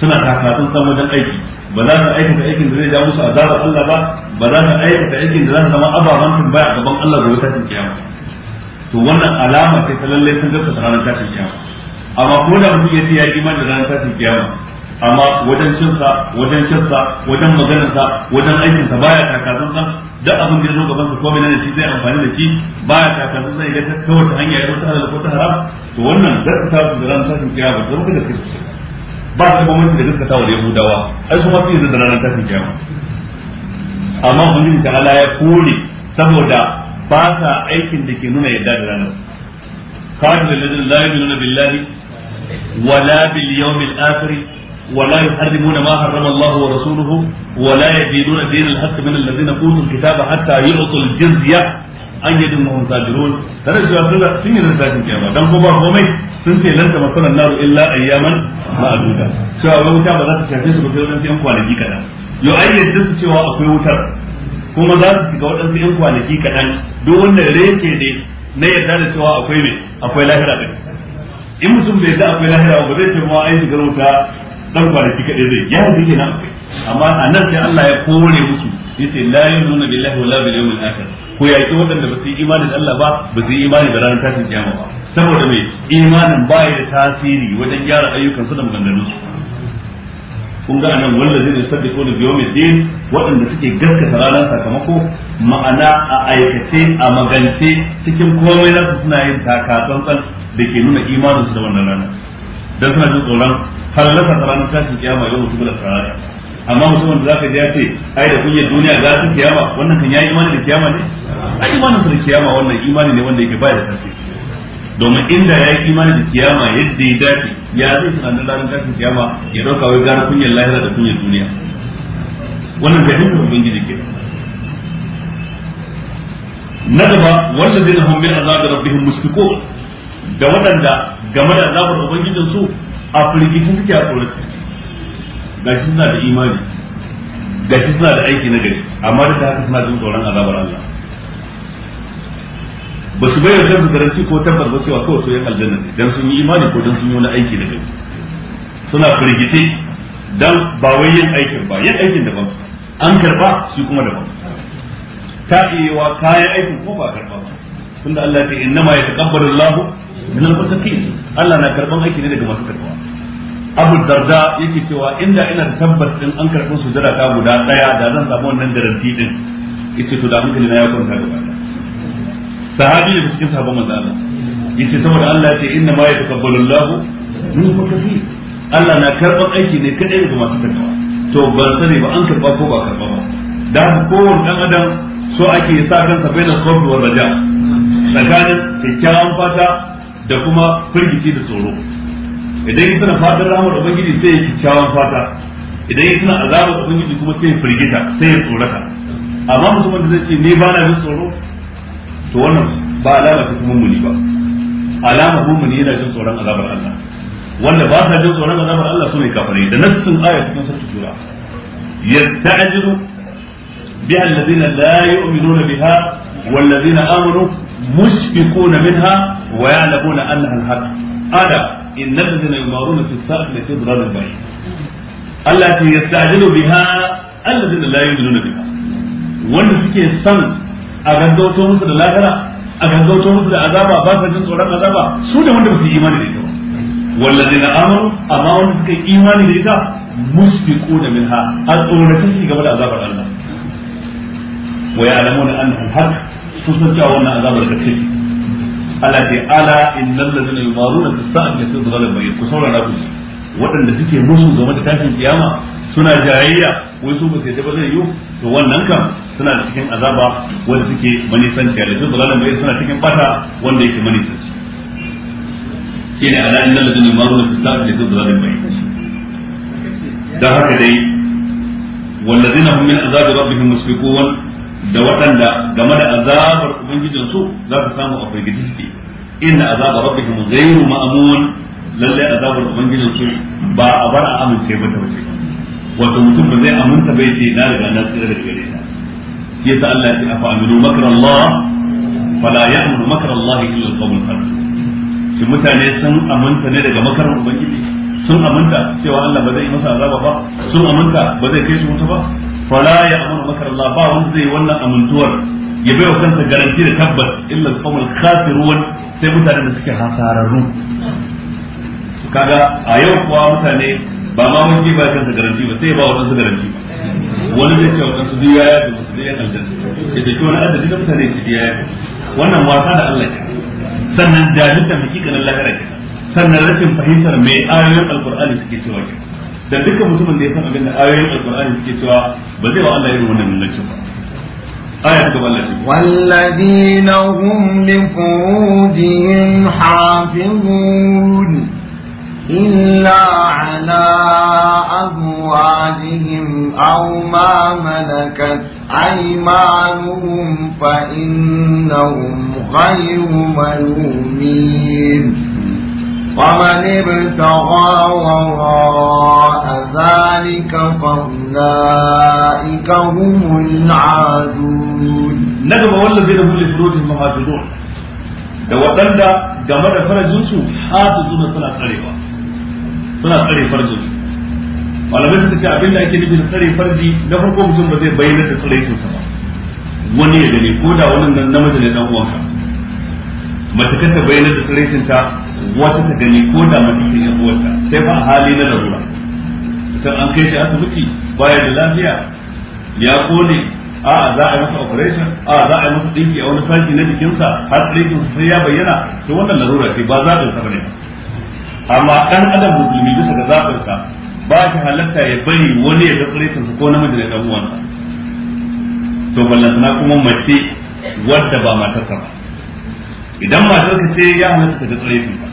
suna taka tsantsan wajen aiki ba za ta aikata aikin da zai jawo musu azabar Allah ba ba za ta aikata aikin da za ta zama ababen tambaya gaban Allah gobe cikin kiyama to wannan alama ce ta lallai sun ta ranar tashin kiyama amma ko da mutum ya ce ya imani da ranar tashin kiyama amma wajen cinsa wajen cinsa wajen maganarsa wajen aikin sa baya takazan sa abin da ya zo gaban sa ko menene shi zai amfani da shi baya takazan sa idan ta wata hanya ya wata halal ko ta haram to wannan ta su da ran tashin kiyama da muka da kristo ba su gwamnati da gaskata wa yahudawa ai su ma su yi da ran tashin kiyama amma ubangiji ta ala ya kore saboda ba sa aikin da ke nuna yadda da ranar قاتل الذين لا billahi wala bil باليوم الآخر ولا يحرمون ما حرم الله ورسوله ولا يدينون دين الحق من الذين اوتوا الكتاب حتى يعطوا الجزيه an yi dinnahum sajirun tare da da sun yi zafin kiyama dan ko ba komai sun ce lanta masalan naru illa ayyaman ma'aduda Sai a wuta ba za ta shafe su ba sai wadansu yan kwanaki kaɗan yo ai yadda su cewa akwai wutar kuma za su shiga wadansu yan kwanaki kaɗan duk wanda reke ne na yarda da cewa akwai me akwai lahira ɗin in mutum bai yarda akwai lahira ba zai ce ma ai shigar wuta dan kwanaki kaɗai zai ya zai na akwai amma a nan sai Allah ya kore musu yace la yu'minuna billahi wala bil yawmil akhir ko ya yi waɗanda ba su yi imani da Allah ba ba su yi imani da ranar tashin kiyama ba saboda mai imanin ba ya tasiri wajen gyara ayyukansu da maganganunsu kun ga anan wanda zai sabbi ko da biyomi din waɗanda suke gaskata ranar sakamako ma'ana a aikace a magance cikin komai nasu suna yin takatsantsan da ke nuna imaninsu da wannan rana dan suna jin tsoron fallasa ranar tashin kiyama yau mutum da sarari amma mutumin da za ji ya ce ai da kunyar duniya za su kiyama wannan kan ya yi imani da kiyama ne yi imanin da kiyama wannan imani ne wanda yake bayar da tasiri domin inda ya yi imani da kiyama yadda ya dace ya zai da ranar tashin kiyama ya dauka wai gane kunyar lahira da kunyar duniya wannan bai hanyar ubangiji ke na gaba wanda zai na hambin azabar rabbihim mushriku da waɗanda game da azabar ubangijin su a firgita suke a tsoron ga shi suna da imani ga shi suna da aiki na gari amma da ta haka suna jin tsoron azabar Allah ba su bayyana su garanti ko tabbar ba cewa kawai soyayyen aljanna ne dan sun yi imani ko dan sun yi wani aiki na gari suna firgite dan ba wai yin aikin ba yin aikin daban an karba shi kuma da daban ta iya kayan aikin ko ba karba ba tunda Allah ya ce innama yataqabbalu Allahu min al-muttaqin Allah na karban aiki ne daga masu karbawa abu darda yake cewa inda ina da tabbas din an karɓi sujada ta guda ɗaya da zan samu wannan garanti din yace to da hankali na ya kwanta gaba sahabi da cikin sahabban manzo Allah yace saboda Allah ya inna ma yataqabbalu Allahu min kulli Allah na karɓar aiki ne kadai daga masu takawa to ban sani ba an karɓa ko ba karɓa ba da kowane dan adam so ake sa kansa bainal khawf wal raja tsakanin kyakkyawan fata da kuma firgici da tsoro idan ya fatan rahmar ubangiji sai ya kyakkyawan fata idan ya tana azabar ubangiji kuma sai ya firgita sai ya tsorata amma mutumin da zai ce ni ba na bin tsoro to wannan ba alama ta kuma muni ba alama mumuni yana jin tsoron azabar Allah wanda ba sa jin tsoron azabar Allah sune kafirai da nassin aya cikin sarki jura yasta'jilu biha alladhina la yu'minuna biha والذين آمنوا مشفقون منها ويعلمون أنها الحق هذا innal ladina yumaruna fi sa'ati la tudrar al bayt Allah ya yastajilu biha alladina la yu'minuna biha wanda suke son a gaggauto musu da lahira a gaggauto musu da azaba ba sa jin tsoron azaba su da wanda ba su imani da ita ba wallazina amanu amma wanda suka yi imani da ita musbiquna minha an tsoratin su game da azabar Allah wa ya'lamuna annaha al-haq sun san wannan azabar da ala ce ala innal ladina yumaruna fi sa'ati yasud ghalan bayyin ku saurara ku waɗanda suke musu game da tashin kiyama suna jayayya wai su ba sai ba zai yi to wannan kam suna cikin azaba wanda suke manisanci da su zalalan bai suna cikin bata wanda yake manisanci shine ala innal ladina yumaruna fi sa'ati yasud ghalan bai. dan haka dai والذين هم من عذاب ربهم مشفقون da waɗanda game da azabar ubangijin su za ka samu a firgici suke inna azaba rabbihim ghayru ma'mun lalle azabar ubangijin su ba a bar a amince ba ta wuce wato mutum ba zai aminta bai ce na riga na tsira daga gare ta yasa Allah ya ce afa aminu makra Allah fala ya'muru makra Allah illa al-qawmul fasiqun shi mutane sun aminta ne daga makarar ubangiji sun aminta cewa Allah ba zai masa azaba ba sun aminta ba zai kai su wuta ba Wala ya amuru makar Allah ba wanda zai wannan amintuwar ya bai wa kansa garanti da tabbas illa al-qawmul khasirun sai mutane da suke hasararru kaga a yau kuwa mutane ba ma mun ji ba kansa garanti ba sai ba wadansu garanti wani zai ce wadansu duk yaya da musu duk yan aljanna ya da wani adadi da mutane su yaya wannan wasa da Allah ke sannan jahilta hakikanin lahira ke sannan rashin fahimtar mai ayoyin alqur'ani suke cewa ke da dukkan mutumin da ya san abin da ayoyin alqur'ani suke cewa ba zai wa Allah yin wannan nuna ba والذين هم لفروجهم حافظون إلا على أزواجهم أو ما ملكت أيمانهم فإنهم غير ملومين ومن ابتغى وراء ذلك فأولئك هم العادون نجم والذين هم لفروجهم مهاجرون da waɗanda game da farajinsu hafizuna suna tsarewa suna tsare farjin malamai suka ce abinda ake nufi da tsare farji na farko mutum ba zai bayyana da tsare sun ba wani ya gani ko da wani nan namiji ne dan uwanka mace kanta bayyana da tsare ta wata ta gani ko da mace ce yan uwarta sai fa hali na larura sai an kai shi asibiti baya da lafiya ya kone a za a yi masa operation a za a yi masa dinki a wani sashi na jikinsa har dinkin sai ya bayyana to wannan larura ce ba zaɓin sa bane amma dan adam musulmi bisa ga zaɓin sa ba shi halatta ya bari wani ya ga tsirikin su ko namiji da ɗan uwansa to ballantana kuma mace wadda ba matarsa ba idan matar ka ce ya halatta ka ji tsarefin ka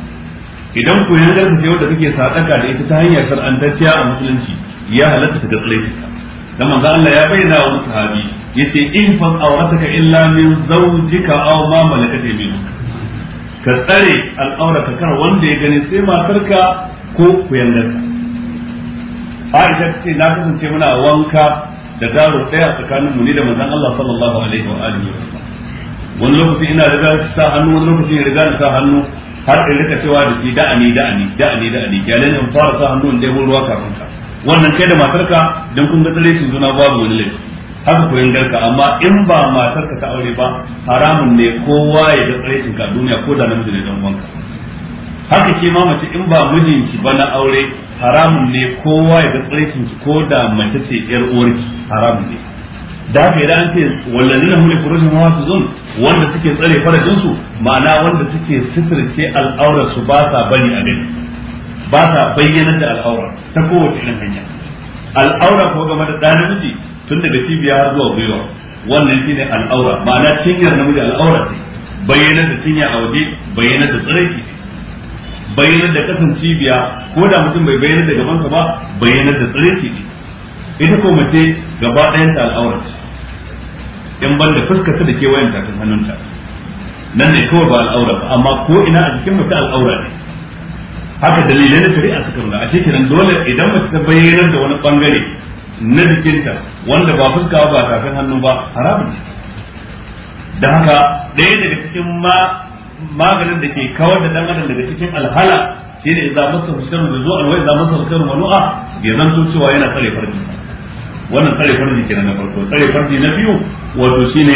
idan ku yanzu ka ce wanda kake sadaka da ita ta hanyar sar'antacciya a musulunci ya halatta ka ji tsarefin Ta dan manzo Allah ya bayyana wa sahabi yace in fa awrataka illa min zawjika aw ma malakat min ka tsare al'aurata kar wanda ya gani sai matarka ko ku yanzu Aisha ce na kasance muna wanka da daro daya tsakaninmu ne da manzon Allah sallallahu alaihi wa alihi wa sallam wani lokaci ina riga sa hannu wani lokaci ya riga sa hannu har in rika cewa da shi ani da ani da'ani kyalen in fara sa hannu in dai ruwa kafin ka wannan kai da matarka dan kun ga tsare shi zuna babu wani laifi haka ku garka amma in ba matarka ta aure ba haramun ne kowa ya ga tsare ga duniya ko da namiji ne dan wanka haka ke ma mace in ba mijinki ba na aure haramun ne kowa ya ga tsare ko da mace ce yar uwarki haramun ne da an idan an ce wallazina hum hawa su zun wanda suke tsare farajin su ma'ana wanda suke sitirce al'aurar su ba sa bari a gani ba sa bayyana da al'aura ta kowace irin hanya al'aura ko game da ɗan namiji tun daga cibiya har zuwa gwiwa wannan shi ne al'aura ma'ana cinyar namiji al'aura ce bayyana da cinya a waje bayyana da tsiraici bayyana da kasan cibiya ko da mutum bai bayyana da gabansa ba bayyana da tsiraici ce ita ko mace gaba ɗayan ta al'aura in ban da fuskar ta da kewayen ta kan hannunta nan ne kawai ba al'aura ba amma ko ina a cikin mace al'aura ne haka dalilai na shari'a suka nuna a cikin dole idan mace ta bayyana da wani bangare na jikinta wanda ba fuska ba tafin hannu ba haramun ne da haka ɗaya daga cikin ma maganin da ke kawar da dan adam daga cikin alhala shine idan masa hushar da zuwa alwai idan masa hushar manu'a ya zanto cewa yana tsare farji wannan tsare farji kenan na farko tsare farji na biyu wato shine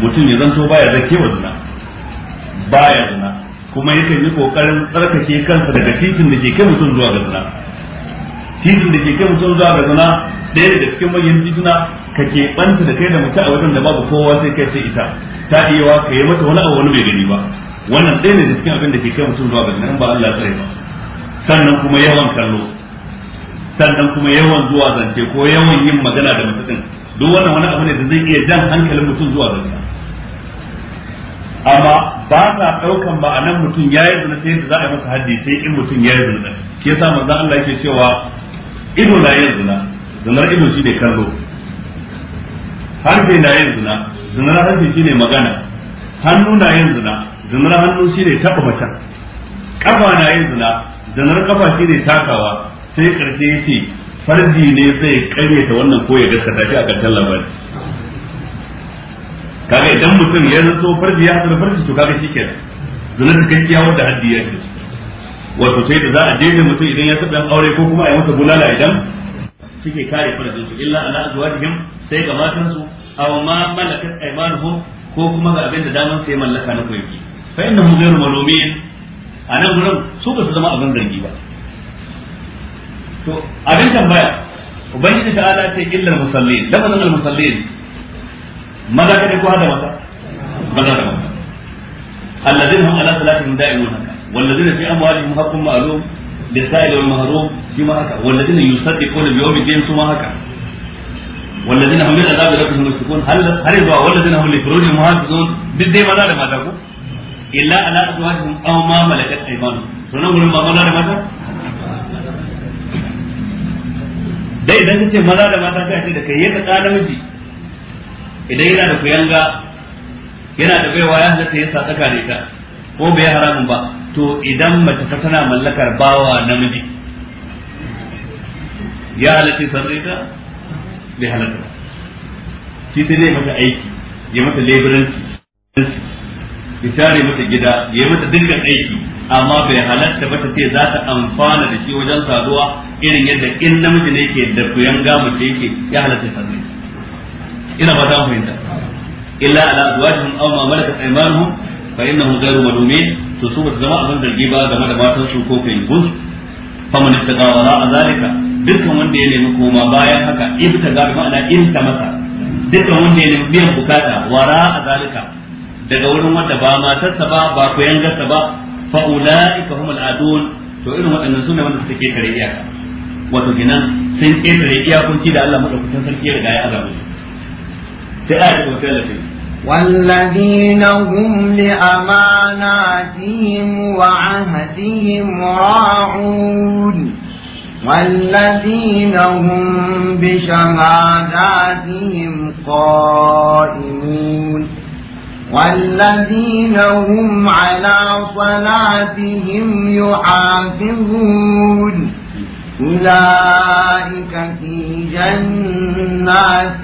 mutum ya zanto baya zake wa zina baya zina kuma yakan yi kokarin tsarkake kansa daga titin da ke kai mutum zuwa ga zina titin da ke kai mutum zuwa ga zina ɗaya daga cikin manyan tituna ka keɓanta da kai da mutum a wajen da babu kowa sai kai sai ita ta iya ka yi mata wani abu wani bai gani ba wannan ɗaya ne da cikin abin da ke kai mutum zuwa ga zina in ba Allah ya tsare ba sannan kuma yawan kallo sannan kuma yawan zuwa zance ko yawan yin magana da mutum duk wannan wani abu ne da zai iya jan hankalin mutum zuwa zance amma ba sa daukan anan mutum ya yi zina sai da za a yi masa haddi sai in mutum ya yi zina ke sa manzon Allah yake cewa ido na yin zina zinar ido ne kallo harfe na yin zina zinar harfe shine magana hannu na yin zina zinar hannu shine taba mutum kafa na yin zina zinar kafa ne takawa sai karshe ya ce farji ne zai karyata wannan ko ya gaskata shi a karshen labari kaga idan mutum ya zanto farji ya haɗu farji to kaga shi kenan zunar da kakkiya wadda haddi ya ce wato sai da za a jefe mutum idan ya taɓa aure ko kuma a yi masa bulala idan suke kare farjin su illa ala azwajihim sai ga matan su aw ma malakat aymanuhum ko kuma ga abin da daman sai mallaka na koyi fa mu ghayru malumin anan gurin su ba su zama abin zargi ba to abin tambaya ubangiji ta ala ce illal musallin da bazan musallin maza ka ko hada mata maza da mata alladin hum ala salatin da'imun haka walladin fi amwalihim haqqun ma'lum bisail wal mahrum shi ma haka walladin yusaddiquna bi yawmid din suma haka والذين هم من عذاب ربهم مشركون هل هل هو والذين هم لفروج محافظون بالدي ما دار ما الا على ازواجهم او ما ملكت ايمانهم شنو نقول ما دار ما دار dai idan ka ce maza da mata ta ce da kai yadda ɗa namiji idan yana da kuyanga yana da baiwa ya halatta ya sa tsaka da ita ko bai haramun ba to idan mace ta tana mallakar bawa namiji ya halatta san ita bai halatta shi sai dai mata aiki ya mata leburanci ya share mata gida ya yi mata dukkan aiki amma bai halatta mata ce za ta amfana da shi wajen saduwa irin yadda in namiji ne ke da kuyan gamu ce yake ya halatta ta zai ina ba ta fahimta illa ala azwajihim aw ma malakat aymanuhum fa innahum ghayru malumin to su ba su zama abin zargi ba game da matan su ko kai gus fa man ittaqa wala zalika dukkan wanda ya nemi koma bayan haka ibtaga bi ma'ana in ta masa dukkan wanda ya nemi biyan bukata wara a zalika daga wurin wanda ba matarsa ba ba kuyangarsa ba fa ulaika humul adun to irin waɗannan sune wanda suke ketare iyaka wato kenan sun ketare iyakunci da Allah madaukakin sarki ya riga ya azaba sai a ta wata lafiya والذين هم لأماناتهم وعهدهم راعون والذين هم بشهاداتهم قائمون والذين هم على صلاتهم يحافظون أولئك في جنات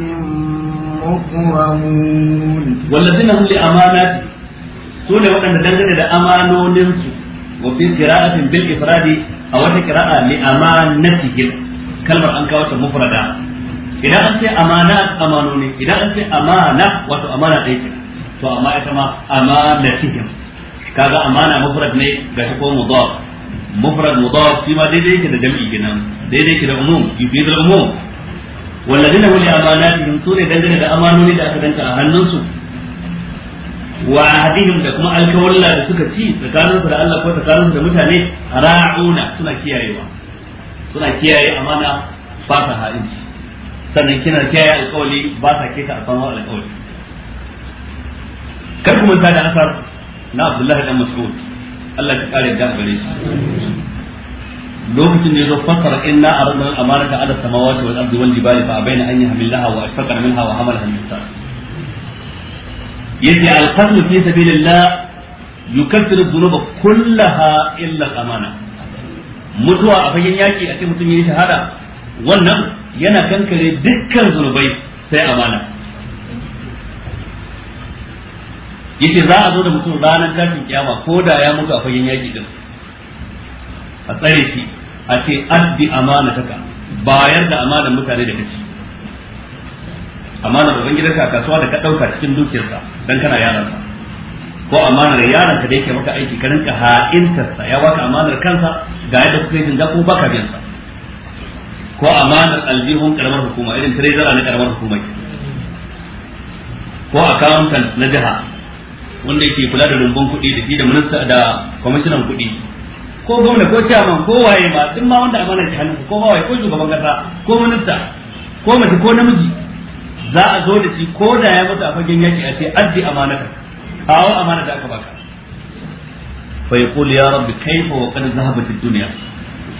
مكرمون والذين هم لأمانات سنة وأن دنجل أمانون وفي قراءة بالإفراد أو قراءة لأمانتهم كلمة أنكوة مفردة إذا أنت أمانات أمانوني إذا أنت أمانة وتأمانة أمانة to amma ita ma amanatihim kaga amana mufrad ne ga ta ko mudaf mufrad mudaf shi ma daidai yake da jam'i kenan daidai yake da umum da umum sannan kina kiyaye alkawali ba ta keta a sanwa alkawali kar ku manta da asar na Abdullahi dan Mas'ud Allah ya kare da gare shi lokacin ne zo fasara inna aradna al-amanata ala samawati wal ardi wal jibali fa abaina an yahmilaha wa ashfaqna minha wa hamalaha al-insan yace al-qatl fi sabilillah yukaffiru dhunuba kullaha illa al-amana mutuwa a fagen yaki a ce mutum yayi shahada wannan yana kankare dukkan zunubai sai amana yace za a zo da mutum ranar tashin kiyama ko da ya mutu a fagen yaki din a tsare shi a ce addi amana taka bayar da amanar mutane da kaci amanar babban gidanka a kasuwa da ka dauka cikin dukiyarsa dan kana yaransa ko amanar yaranka da yake maka aiki ka rinka ha'intarsa ya baka amanar kansa ga yadda kuka yi jinda ko baka biyan sa ko amanar aljihun karamar hukuma irin trezara na karamar hukuma ko akawuntan na jiha wanda yake kula da rumbun kuɗi da shi da minista da kwamishinan kuɗi ko gwamna ko ciyaman ko waye ma duk ma wanda amana ta hannu ko waye ko shugaban kasa ko minista ko mace ko namiji za a zo da shi ko da ya mutu a fagen yaki a ce addi amanata kawo amana da aka baka fa kula ya rabbi kayfa wa qad zahabat ad-dunya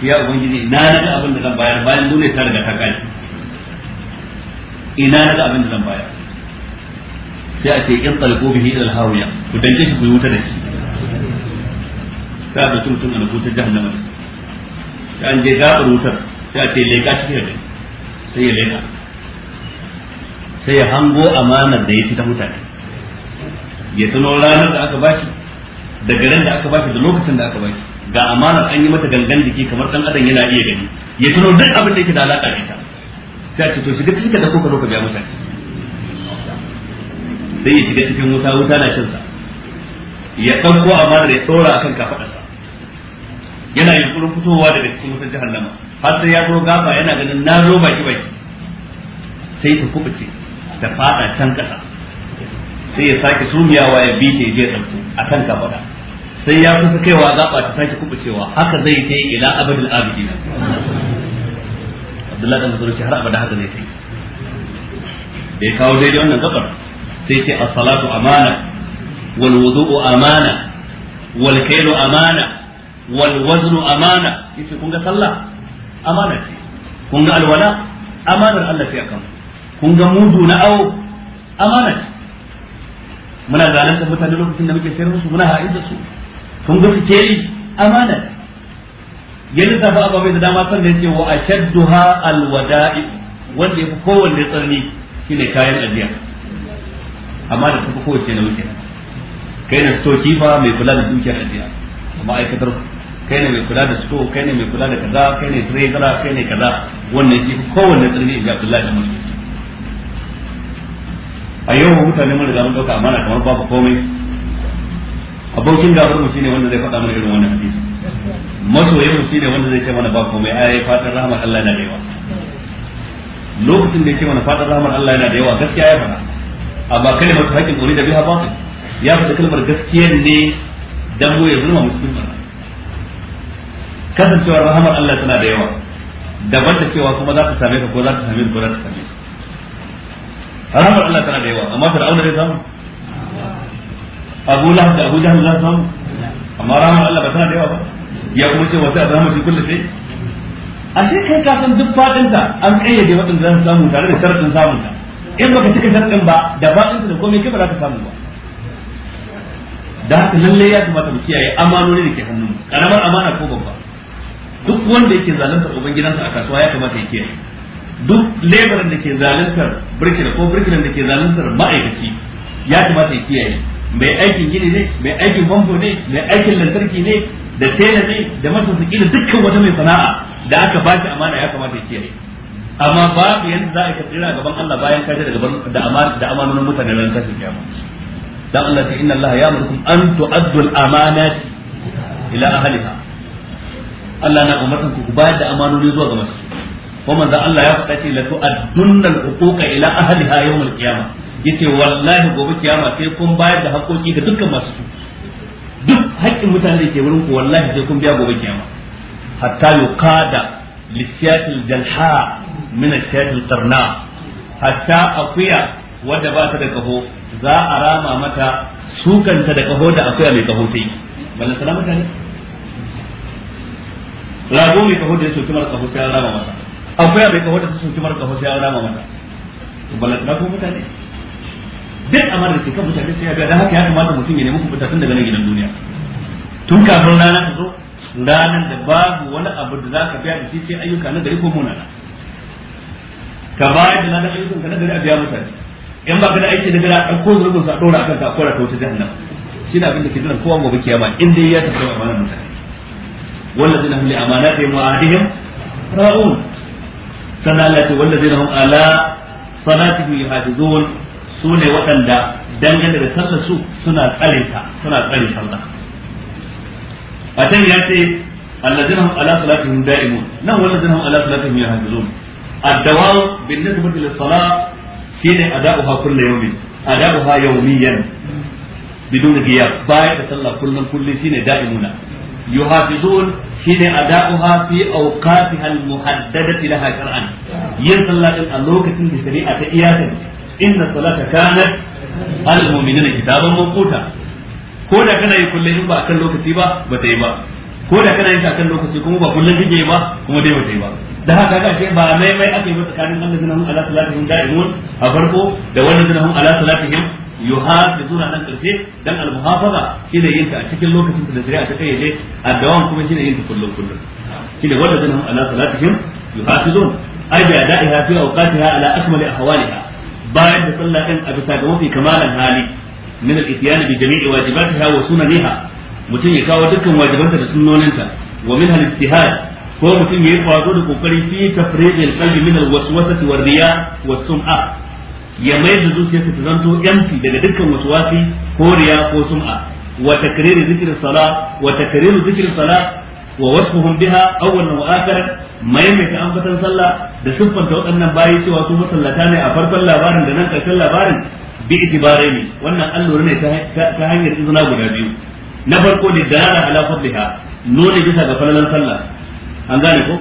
ya ubangiji ina na abin da zan bayar bayan duniya ta riga ta kai ina na abin da zan bayar sai a ce in talqu bihi da alhawiya ku danke shi ku yi wuta da shi sai a mutum tun an ta jahannama sai an je gabar wutar sai a ce leka shi ne sai ya leka sai ya hango amanar da ya ci ta mutane ya tuno ranar da aka bashi da garin da aka bashi da lokacin da aka bashi ga amanar an yi mata gangan jiki kamar dan adam yana iya gani ya tuno duk abin da yake da alaka da ita sai a ce to shiga cikin da kuka lokacin zo ka biya mutane sai ya shiga cikin wuta wuta na shinsa ya ɗauko amanar ya tsora akan kafaɗarsa yana yunkurin fitowa daga cikin wutar jahannama har sai ya zo gafa yana ganin na zo baki baki sai ta kubuce ta fada can ƙasa sai ya sake sumiyawa ya bi ta je ɗauko a kan kafaɗa sai ya kusa kaiwa gafa ta sake kubucewa haka zai ta yi ila abadul abidina Abdullahi ɗan Masarauci har abada haka zai ta yi da ya kawo daidai wannan gabar sai ce a salatu amana wal wudu'u amana wal kaylu amana wal waznu amana yace kun ga sallah amana ce kun ga alwala amanar Allah ce akan kun ga mudu na awo amana ce muna ganin ta mutane lokacin da muke sayar musu muna ha'in da su kun ga fikeli amana ya lissafa ababai da dama san da yace wa ashadduha alwada'i wanda ya fi kowanne tsarni shine kayan ajiya amma da tafi kowace yana wuce kai na sto kifa mai kula da dukiyar ajiya ma'aikatar kai ne mai kula da sto kai ne mai kula da kaza kai ne trezara kai ne kaza wannan shi kowanne tsirni in kula da mutum a yau mutane mun riga mun dauka amana kamar babu komai abokin gabar mu shine wanda zai faɗa mana irin wannan hadisi masoyin mu shine wanda zai ce mana babu komai ai fatan rahmar Allah yana da yawa lokacin da yake mana fatan rahmar Allah yana da yawa gaskiya ya faɗa amma kalmar haƙin uri da biha ba ya fita kalmar gaskiya ne dan goye zulma musulmin barna kasancewar rahamar Allah tana da yawa daban da cewa kuma za ta same ka ko za ka same ka ko za ta same ka rahamar Allah tana da yawa amma auna zai samu Abu Lahab da Abu Jahl za su samu amma rahamar Allah ba tana da yawa ba ya kuma ce wata abu hamar shi kullu sai a sai kai ka duk fadinta an kayyade waɗanda za su samu tare da sharadin samun ta in baka cika sharɗin ba da baɗin da komai kai ba za ka samu ba da haka lalle ya kamata mu kiyaye amanoni da ke hannunmu karamar amana ko babba duk wanda yake zalunta uban gidansa a kasuwa ya kamata ya kiyaye duk lebaran da ke zaluntar birkin ko birkin da ke zaluntar ma'aikaci ya kamata ya kiyaye mai aikin gini ne mai aikin famfo ne mai aikin lantarki ne da tela ne da masu da dukkan wata mai sana'a da aka ba shi amana ya kamata ya kiyaye amma babu yanda za a ka tsira gaban Allah bayan ka da gaban da amana da amanonin mutane ran tashin kiyama dan Allah ta inna Allah ya'murukum an tu'addu al-amanat ila ahliha Allah na umartan ku bayar da amanoni zuwa ga masu ko manzo Allah ya faɗa ce la tu'addunna al-huquqa ila ahliha yawm al-qiyamah yace wallahi gobe kiyama sai kun bayar da haƙoƙi ga dukkan masu duk haƙƙin mutane da ke wurin ku wallahi sai kun biya gobe kiyama hatta yuqada lisyatil jalha min ash-shati qarna hatta akuya wadda ba ta da kaho za a rama mata sukanta da kaho da akuya mai kaho sai wannan salamata ne rago mai kaho da ya soki mara kaho sai an rama mata akuya mai kaho da ta soki mara kaho sai an rama mata ballan na ko mutane duk a mara ke kan mutane sai ya ga da haka ya kamata mutum ya nemi kubuta tun daga nan gidan duniya tun kafin rana ta zo ranar da babu wani abu da za ka biya da shi sai ayyuka na gari ko munana ka ba da na da ayyukan ka na gari a biya mutane in ba ka da aiki da gari a ɗauko zurgun sa ɗora akan ka a kora ta wata jahannama shi na abin da ke jiran kowa gobe kiyama in dai ya tafi a amanar mutane والذين هم لأماناتهم وعهدهم راؤون سنة التي والذين هم على صلاتهم يحافظون سنة وتندى dangane da sallar su suna tsare ta suna tsare sallah a can ya ce allazina hum ala salatihim da'imun nan wallazina hum ala salatihim الدوام بالنسبة للصلاة شين أداؤها كل يوم أداؤها يوميا بدون غياب باية صلى كل كل سين دائمنا يحافظون شين أداؤها في أوقاتها المحددة لها شرعا ين صلاة اللوكة بشريعة إياتا إن الصلاة كانت على المؤمنين كتابا موقوتا كون كان يقول لهم بأكل لوكتي با بتيبا كون كان يتأكل لوكتي كما بقول لهم ba kuma dai ba ta yi ba da haka ga ce ba mai mai ake ba tsakanin annabina hum ala salatihim da'imun a farko da wallazina hum ala salatihim yuhafizuna nan karfe dan al-muhafaza shine yin ta a cikin lokacin da shari'a ta kayyade addawan kuma shine yin ta kullum kullum shine wallazina hum ala salatihim yuhafizun ay bi ada'iha fi awqatiha ala akmali ahwaliha bayan da sallah din a bisa ga mafi kamalan hali min al-ityan bi jami'i wajibatiha wa sunaniha mutum ya kawo dukkan wajibanta da sunnoninta wa min al-ijtihad ko mutum yayi kwazo da kokari fi tafrizil qalbi min alwaswasati warriya was ya mai da zuciyarsa ta zanto yanti daga dukkan waswasi ko riya ko sum'a wa takrir dhikr salah wa takrir dhikr wa wasfuhum biha awwalan wa akhiran mai mai ta ambatan sallah da siffanta waɗannan bayi cewa su masallata ne a farkon labarin da nan ƙarshen labarin bi itibare ne wannan allura ne ta hanyar izina guda biyu na farko da dara ala fadliha nuna bisa ga falalan sallah an gane ko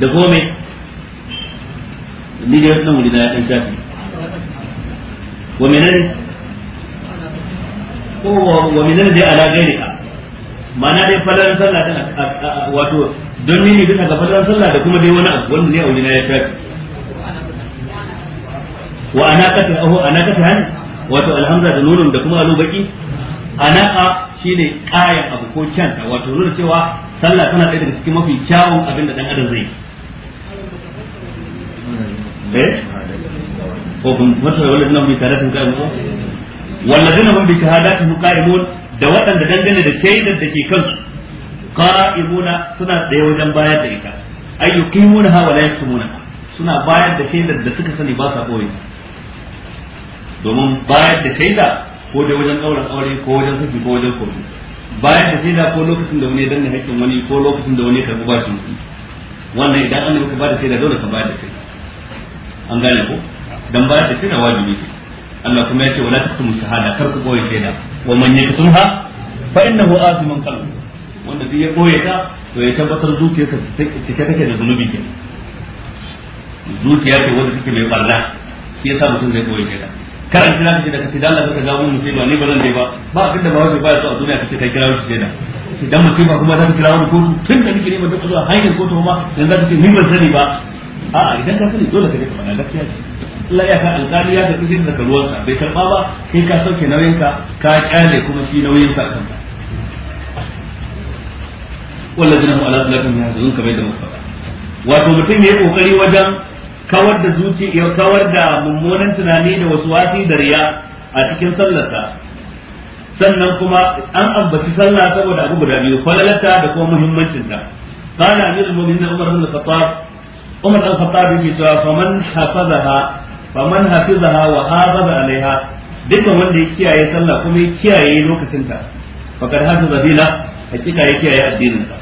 da gome ni da wasu wuri na ya dan fi wa ko wa da ya ala ne ma'ana dai falalan sallah tana wato don ni bisa ga falalan sallah da kuma dai wani abu wanda ne wuri na ya shafi wa ana anaqatu ahu anaqatu han wato alhamza da nunun da kuma alubaki a. shine kayan abu ko kyanta wato nuna cewa sallah tana ɗaya daga cikin mafi kyawun abin da dan adam zai eh ko kun mata walladina bi mu wala qa'imun mun bi shahadatin muqaimun da waɗanda dangane da shaidar da ke kansu qa'imuna suna tsaye wajen bayar da ita ayyukimuna ha wala yaksumuna suna bayar da shaidar da suka sani ba sa boye domin bayar da shaidar ko dai wajen ɗauran aure ko wajen saki ko wajen kofi bayan da shaida ko lokacin da wani ya danna haƙƙin wani ko lokacin da wani ya karɓi bashin kuɗi wannan idan an maka bada da dole ka da kai an gane ko dan bayar da da wajibi ne Allah kuma ya ce wala taktumu shahada kar ku boye da wa man yaktumha fa innahu aziman qalbu wanda duk ya boye ta to ya tabbatar zuciyarsa take take da zunubi ke zuciya ce wanda take mai barna shi yasa mutum zai boye shaida karan kira kace da kace da Allah ka gawo mu sai ba ni ba zan dai ba ba abin da ba wace ba so a duniya kace kai kira shi sai da idan mutum ba kuma zan kira wani kotu tun da nake neman zuwa hanyar kotu kuma yanzu kace ni ban sani ba a idan ka sani dole ka je ka faɗa gaskiya ce Allah ya ka alƙali ya tafi sai daga ruwansa bai karɓa ba sai ka sauke nauyinka ka kyale kuma shi nauyinka a kanka wallazina hum ala salatihim yahzanun kamar yadda muka faɗa wato mutum yayi kokari wajen kawar da zuci ya kawar da mummunan tunani da wasu wasi da riya a cikin sallarsa sannan kuma an ambaci sallah saboda abu guda biyu falalata da kuma muhimmancinta قال امير المؤمنين عمر بن umar عمر بن الخطاب yake cewa faman hafazaha faman hafizaha wa hafaza alaiha dukkan wanda ya kiyaye sallah kuma ya kiyaye lokacinta fakar hafiza zabila hakika ya kiyaye addininsa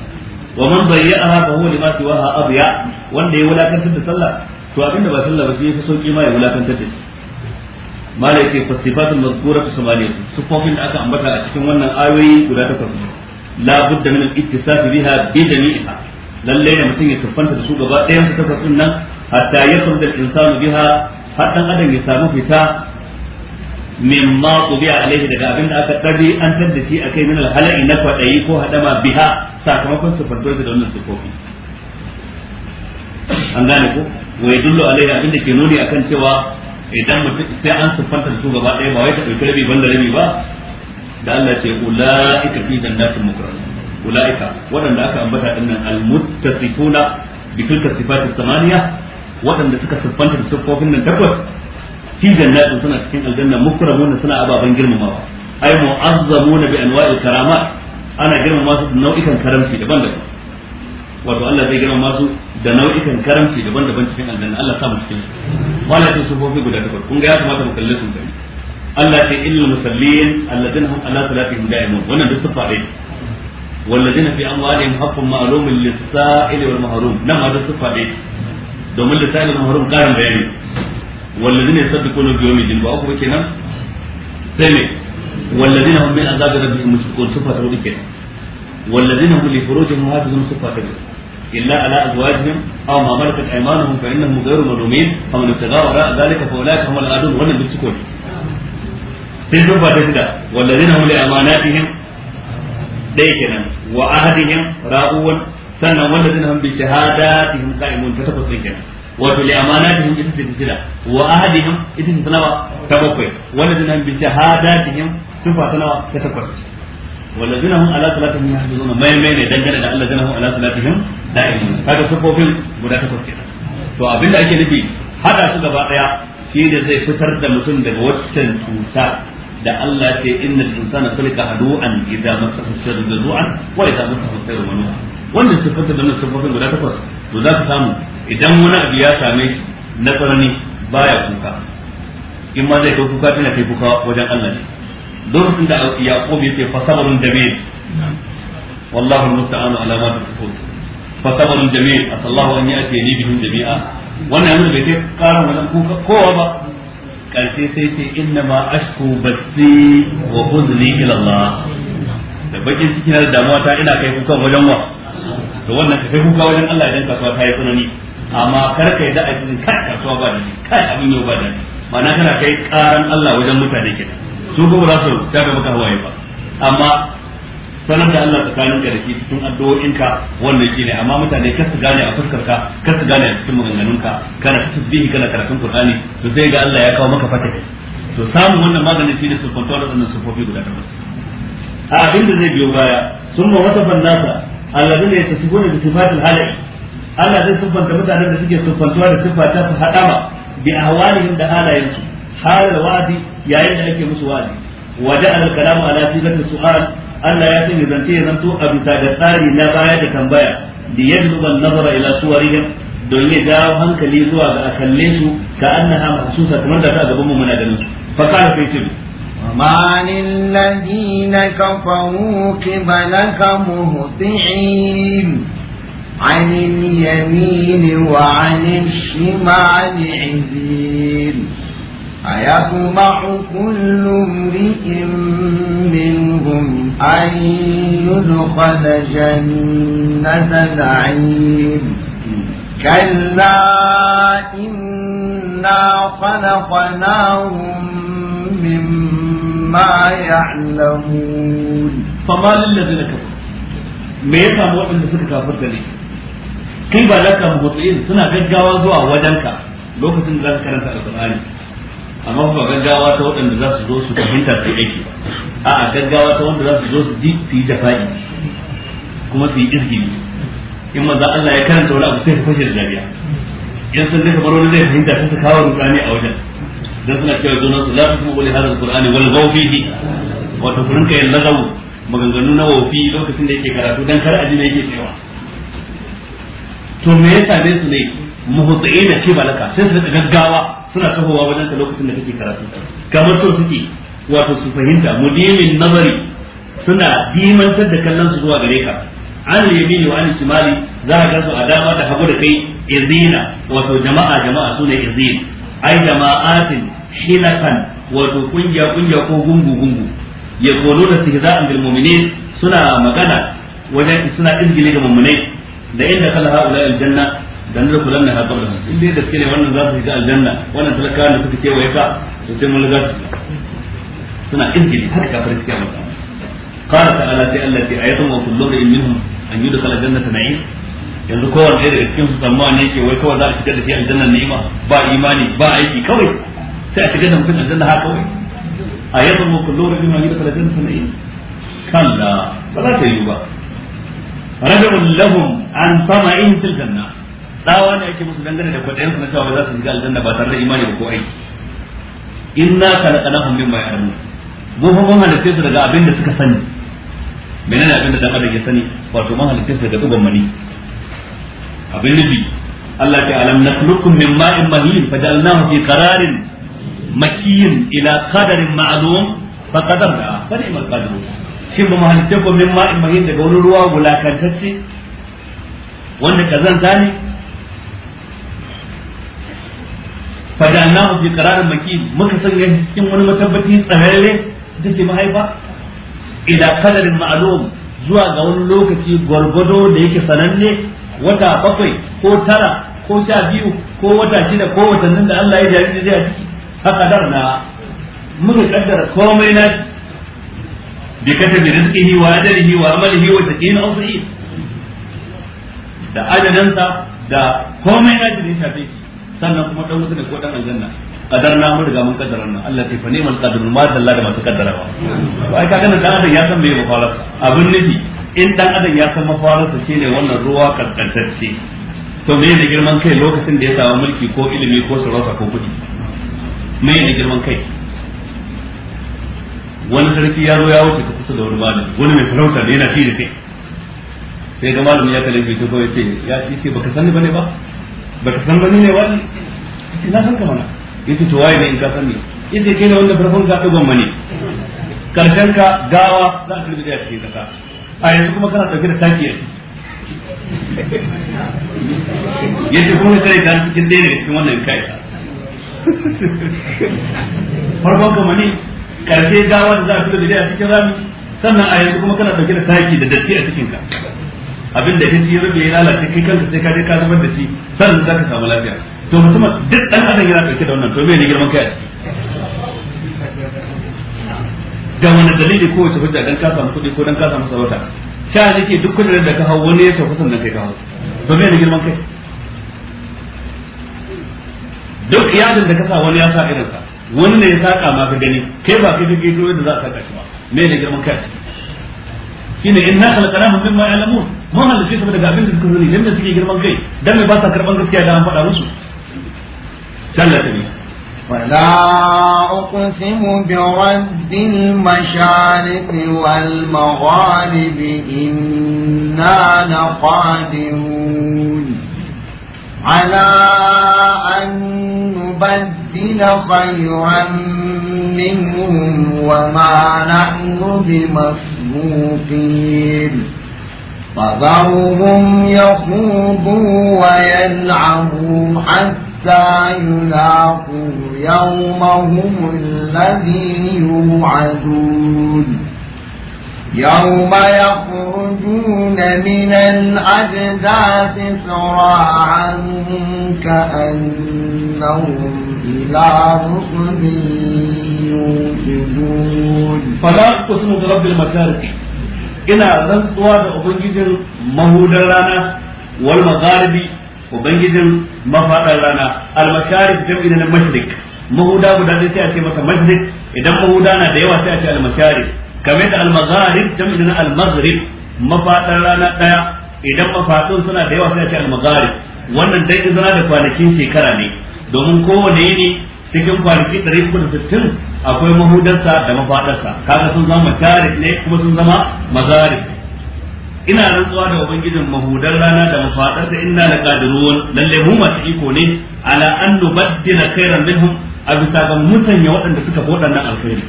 wa man bayya'aha fa huwa lima siwaha abya wanda ya wulakantar da sallah to abinda ba sallah ba sai fi sauki ma ya wulakantar da shi mala yake mazkura fi sufofin da aka ambata a cikin wannan ayoyi guda takwas la budda min al-ittisaf biha bi jami'iha lalle ne mutum ya tuffanta da su gaba ɗayan su takwas din nan hatta yakhruj al-insanu biha har dan adam ya samu fita mimma tubi'a alaihi daga abinda aka tabi an taddace akai min al-hala'i na kwadayi ko hadama biha sakamakon sufantar da wannan sufofi an gane ko wa yadullu alaihi abin ke nuni akan cewa idan mutum sai an siffanta da su gaba ɗaya ba wai ta ɗauki ban da ba da Allah ce ulaika fi jannatin mukram ulaika waɗanda aka ambata din nan almuttasifuna bi tilka sifatis samaniya waɗanda suka siffanta da siffofin nan takwas fi jannatin suna cikin aljanna mukramuna suna ababen girmamawa ai mu'azzamuna bi anwa'il ana girmama su nau'ikan karamci daban-daban wato Allah zai gama masu da nau'ikan karamci daban-daban cikin aljanna Allah sa mu cikin su wala ta sufofi guda takwas kun ga ya kamata mu kalle su gari Allah ta illal musallin alladina hum ala salatihim da'imun wannan duk sufa ne walladina fi amwalihim haqqun ma'lumun lis-sa'il wal mahrum nan ma duk sufa ne domin lis-sa'il wal mahrum karin bayani walladina yasaddiquna bi yawmid din ba ku kenan sai ne walladina hum min azabi rabbihim mushfiqun sufa ta hudu kenan والذين هم لفروجهم حافظون صفة كبيرة إلا على أزواجهم أو ما ملكت أيمانهم فإنهم غير ملومين فمن ابتغى وراء ذلك فأولئك هم العادون ومن بالسكون sai zuba ta shida wallazina hum li amanatihim dai kenan wa ahadihim ra'uwan sannan wallazina ta wato li amanatihim ita ce shida wa ahadihim ita ce ta nawa ta bakwai wallazina hum bi shahadatihim tufa ta nawa ta takwas والذين هم على صلاتهم يحافظون ما يمين to abinda ake nufi hada su gaba daya da zai fitar da daga Allah ce inna insana idza du'an wa idza manu'a su da guda takwas to za ka samu idan wani abu ya same shi na tsanani baya kuka in ma zai kai kuka tana kai kuka wajen Allah ne lokacin da yaqub yace fa sabrun jamil wallahu musta'anu ala ma tasifun fa sabrun jamil asallahu an ya'ti ni bihim jami'a wannan yana karan wannan kowa ba karshe sai ce inna ma ashku basi wa huzni ila Allah da bakin damuwa ta ina kai kuka wajen wa to wannan kai kuka wajen Allah idan kasuwa ta yi tsanani amma kar ka da kai kasuwa ba da kai abin yau ba da ma'ana kana kai karan Allah wajen mutane kenan su ko ba su shafe maka hawaye ba amma sanar da Allah tsakanin ka da shi cikin addu'o'in ka wannan shine amma mutane kar su gane a fuskar ka kar su gane a cikin maganganun ka kana tasbihi kana karatun Qur'ani to sai ga Allah ya kawo maka fata to samu wannan maganin ne su control wannan fofi guda takwas a abin da zai biyo baya sun ma wata fannasa alladin da ya tafi gona da sifatul halai Allah zai siffanta mutanen da suke siffantuwa da siffa ta su hadama bi ahwalihim da halayensu halal wazi yayin da ake musu wa'adi wa ja'al kalamu ala sifati su'al Allah ya sanya zance ya zanto a bisa da tsari na baya da tambaya da yajluba nazara ila suwarihim don ya jawo hankali zuwa ga kalle su ka annaha mahsusa kamar da ta gaban mu muna ganin su fa kana kai shi وما للذين كفروا قبلك مهطعين عن اليمين وعن الشمال عزيز أيطمع كل امرئ منهم أن يدخل جنة نعيم كلا إنا خلقناهم مما يعلمون فما للذين كفروا me ya samu waɗanda suka kafirta ne kai ba laka mutu'in suna gaggawa zuwa wajenka lokacin da za ka amma ba gaggawa ta waɗanda za su zo su fahimta su aiki a'a gaggawa ta wanda za su zo su ji su yi jafa'i kuma su yi izgili in maza Allah ya karanta wani abu sai su fashe da dariya in sun zai kamar wani zai fahimta sai su kawo rukani a wajen dan suna cewa zo nasu la tusmu li hadha alqur'ani wal gawfihi wato kun rinka yin lagawu maganganu na wofi lokacin da yake karatu dan kar aji ne yake cewa to me yasa dai su ne muhutaina kibalaka sai su gaggawa suna tahowa wajen ta lokacin da kake karatu kamar so suke wato su fahimta mudimin nazari suna dimantar da kallon su zuwa gare ka an yamin wa an shimali za ka gansu a dama ta hagu da kai izina wato jama'a jama'a sune izin ai jama'atin shinakan wato kungiya kungiya ko gungu gungu ya kono da a bil mu'minin suna magana wajen suna izgile ga mu'minai da inda kala ha'ula aljanna dan da kullun ha qabla in dai gaske ne wannan za su shiga aljanna wannan talakawa da suka kewaye ka to sai mun za su suna injili haka kafir suke masa qala ta'ala ta allati ayatun wa kullu ra'in minhum an yudkhala jannata na'im yanzu kowanne ɗaya daga cikin su tsammawa ne ke wai kawai za a shiga da shi aljanna ni'ima ba imani ba aiki kawai sai a shiga da mutum aljanna ha kawai ayatun wa kullu ra'in an yudkhala jannata na'im kalla ba za ta yi ba رجع لهم عن طمع في الجنه tsawa ne ake musu dangane da kwaɗayen su na cewa za su shiga aljanna ba tare da imani ba ko aiki inna khalaqnahum mimma ya'lamun mun fa mun halitta su daga abin da suka sani menene abin da dan adam ya sani wato mun halitta su daga dugon mani abin nabi Allah ta alam nakhluqukum min ma'in mahin fajalnahu fi qararin makiyin ila qadarin ma'lum fa qadarna fa ni'mal qadirun shin ba halitta ku min ma'in mahin daga wani ruwa wulakantacce wanda kazanta ne fadannahu fi qararin maki, muka sanya cikin wani matabbaci tsararre da ke mahaifa ila qadarin ma'lum zuwa ga wani lokaci gwargwado da yake sananne wata bakwai ko tara ko sha biyu ko wata shida ko wata nan da Allah ya jari zai a ciki haka na. muka kaddara komai na bi kata bi rizqihi wa ajalihi wa amalihi wa taqiyin aw da ajadansa da komai na da ya shafe sannan kuma dan mutane ko dan aljanna na mun riga mun kaddara nan Allah ta fa neman kadarun ma dalla da masu kaddarawa to ai kaga nan dan adam ya san me mafarar abin nufi in dan adam ya san mafarar sa shine wannan ruwa kankantacce to me ne girman kai lokacin da ya samu mulki ko ilimi ko sarauta ko kudi me ne girman kai wani sarki ya zo ya wuce ta kusa da wani malami wani mai sarauta ne yana fi da kai sai ga malami ya kalle shi ko ya ce ya ce baka sani bane ba baka san ba ne wani na san mana. yace to waye ne in ka sani yace kai ne wanda farkon ka dugon mani karshen ka gawa za a karbi da cikin kasa a yanzu kuma kana dauke da taki yace kuma sai ka cikin dai ne cikin wannan kai farkon ka mani karshe gawa da za ka fito da cikin rami sannan a yanzu kuma kana dauke da taki da datti a cikin ka abin da kace rabe ya lalace kai kanka sai ka je ka zubar da shi sannan zaka samu lafiya to mutum duk dan adam yana dauke da wannan to me ne girman kai da wani dalili ko wace hujja dan ka samu kuɗi ko dan ka samu sarauta sha nake duk kudin da ka hau wani ya tafi sannan kai ka hau to me ne girman kai duk iyalin da ka sa wani ya sa irinsa wani ne ya saka ma ka gani kai ba kai kake da za a saka shi ba mai ne girman kai shine inna khalaqnahum mimma ya'lamun mun halice su daga abin da suka sani dan suke girman kai dan me ba sa karban gaskiya da an faɗa musu sallata فلا أقسم برب المشارق والمغارب إنا لقادرون على أن نبدل ربنا خيرا منهم وما نحن بمسبوقين فذرهم يخوضوا ويلعبوا حتى يلاقوا يومهم الذي يوعدون يوم يخرجون من الأجداث سراعا كأنهم إلى رسل يوجدون فلا أقسم برب المشارق إنا رنسوا بأبنجد مهود لنا والمغارب وبنجد مفاد لنا المشارق جمعنا المشرق mahuda guda ɗaya sai a ce masa masjid idan mahuda na da yawa sai a ce al-masharib kamar da al-magharib jami'in na al-maghrib mafaɗar rana ɗaya idan mafaɗin suna da yawa sai a ce al-magharib wannan dai izina da kwanakin shekara ne domin kowane ne cikin kwanaki sittin, akwai mahudarsa da mafaɗarsa. kaga sun zama tarif ne kuma sun zama mazarif ina rantsuwa da ubangijin mahudar rana da mafadarsa inna ƙadiruwan lalle mu masu iko ne ala an nubaddila khairan minhum a bisa ga musanya waɗanda suka fi waɗannan alkhairi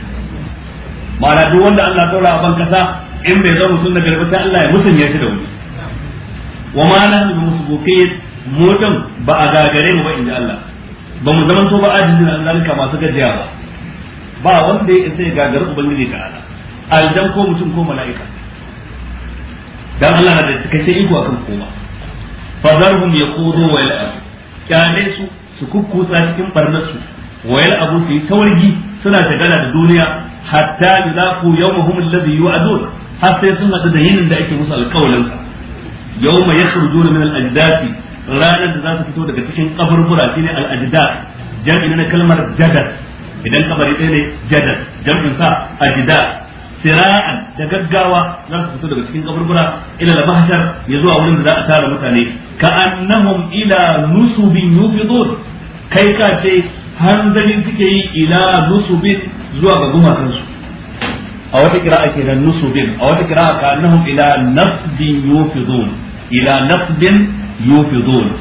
ma'ana duk wanda Allah saura a ban kasa in bai zama sun sunna garba sai Allah ya musanya shi da wani wa ma'ana da bi musbuqin ba a gagare mu ba in ji Allah ba mu zaman to ba ajizin an zalika masu gajiya ba ba wanda ya isa ya gagari ubangiji ta ala aljan ko mutum ko mala'ika dan Allah na da cikakken iko akan kowa fazarhum yaqudu wa yal'abu kyale su su kukkutsa cikin barnar su wa yal'abu su yi tawargi suna tagala da duniya hatta yulaqu yawmahum alladhi yu'adun har sai sun hadu da yinin da ake musu alƙawarin sa yawma yakhrujuna min al-ajdasi ranar da za su fito daga cikin kaburbura shine al-ajda jami'i na kalmar jadad idan kabari ɗaya ne jadad jami'in sa ajda sira'an da gaggawa za su fito daga cikin kaburbura ila al-mahshar ya zuwa wurin da za a tara mutane ka annahum ila nusubin yufidun kai ka ce hanzari suke yi ila nusubin zuwa ga gumakansu a wata kira'a nusu nusubin a wata kira ka annahum ila nasbin yufidun ila nasbin yufidun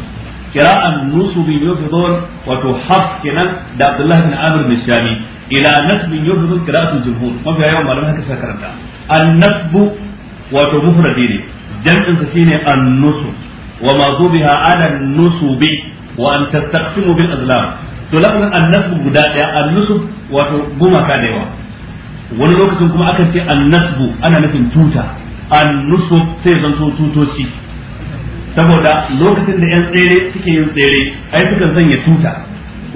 qira'an nusubi yufidun wato hafs kenan da Abdullah bin Amr bin Shami ila nasbin yufidun qira'atul jumhur mafiya yawan malaman haka suka karanta an-nasbu wato mufradi ne jam'in sa shine an-nusub wa ma zubiha ala an-nusubi wa an tastaqsimu to guda da yawa wani lokacin kuma akan ce annasbu ana nufin tuta Annusu sai zan so tutoci saboda lokacin da yan tsere suke yin tsere ai sukan sanya tuta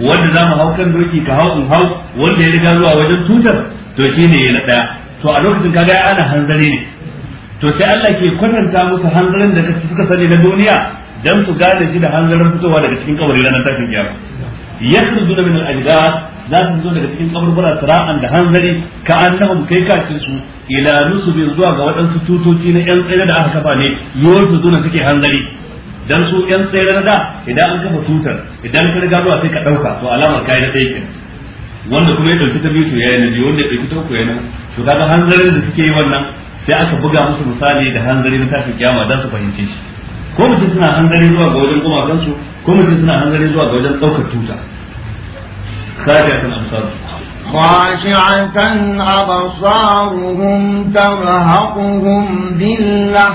wanda za mu hau kan doki ka hau in hau wanda ya riga zuwa wajen tutar to shi ne na daya to a lokacin kaga ya ana hanzari ne to sai Allah ke kwatanta musu hanzarin da suka sani na duniya dan su gane shi da hanzarin fitowa daga cikin kawari ranar tashin kiyama yakhruju min al ajdad za su zo daga cikin kaburbura sira'an da hanzari ka annahum kai ka su ila nusubin zuwa ga waɗansu tutoci na yan tsere da aka kafa ne yawon su zuna suke hanzari dan su yan tsere na da idan an kafa tutar idan ka riga zuwa sai ka ɗauka to alamar kayan da ɗaya wanda kuma ya ɗauki ta biyu ya yi na biyu wanda ya ɗauki ta uku ya to kaga hanzarin da suke yi wannan sai aka buga musu misali da hanzari na tashin kiyama dan su fahimci. shi ko mutum suna hanzari zuwa ga wajen gumakansu ko mutum suna hanzari zuwa ga wajen ɗaukar tuta خادعة الأبصار خاشعة أبصارهم ترهقهم ذلة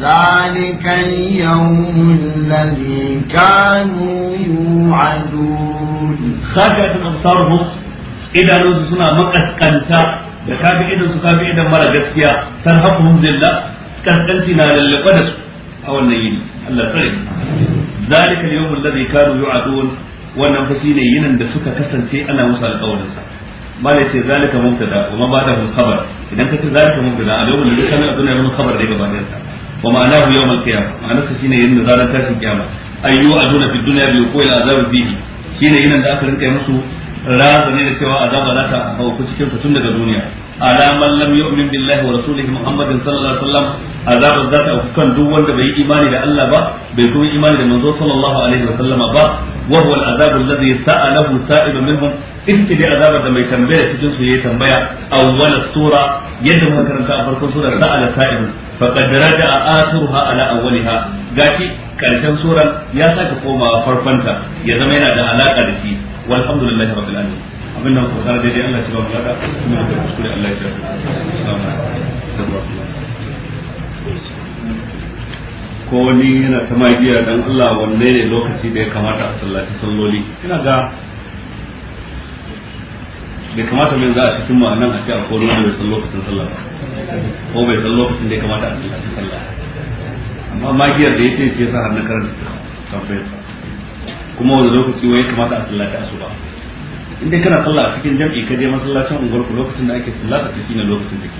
ذلك اليوم الذي كانوا يوعدون خافة أبصارهم إذا نزلنا مقت قنتا بتابعين تابعين مرة فيها ترهقهم ذلة كسكنتنا للقدس أو النيل الله ذلك اليوم الذي كانوا يوعدون wannan fa shine yinan da suka kasance ana musu alƙawarin sa malai ce zalika mubtada wa ma ba'da hum khabar idan ka ce zalika mubtada a lokacin da kana abuna mun khabar da gaba ɗayan sa wa ma'anahu yawmal qiyamah ma'anar sa shine yinan da zaran tashin kiyama ayyu aduna fid dunya bi yuqul azab bihi shine yinan da aka rinka musu razani da cewa azaba za ta hauku cikin su tun daga duniya ala man lam yu'min billahi wa rasulihi muhammadin sallallahu alaihi wasallam azabar za ta kan duk wanda bai yi imani da Allah ba bai kuma imani da manzo sallallahu alaihi wasallam ba wa huwa al-azab alladhi sa'alahu sa'ibun minhum azabar da mai tambaya cikin su yayi tambaya awwal sura yadda muka karanta a farkon sura sa'ala da faqad raja'a atruha ala awwaliha gashi karshen suran ya sa ka komawa farkonta ya zama yana da alaka da shi walhamdulillahi rabbil alamin abin nan kusa daidai Allah shi ba mu yada kuma da kuskure Allah ya tafi ko wani yana ta magiya dan Allah wanne ne lokaci da ya kamata a sallaci salloli ina ga bai kamata min za a cikin mu a cikin a da bai san lokacin sallah ba ko bai san lokacin da ya kamata a sallaci sallah amma magiyar da ya ce sa hannun karanta tambayar kuma wanda lokaci wai kamata a sallaci asuba inda kana sallah cikin jam'i ka je masallacin unguwar ku lokacin da ake sallah ta cikin lokacin take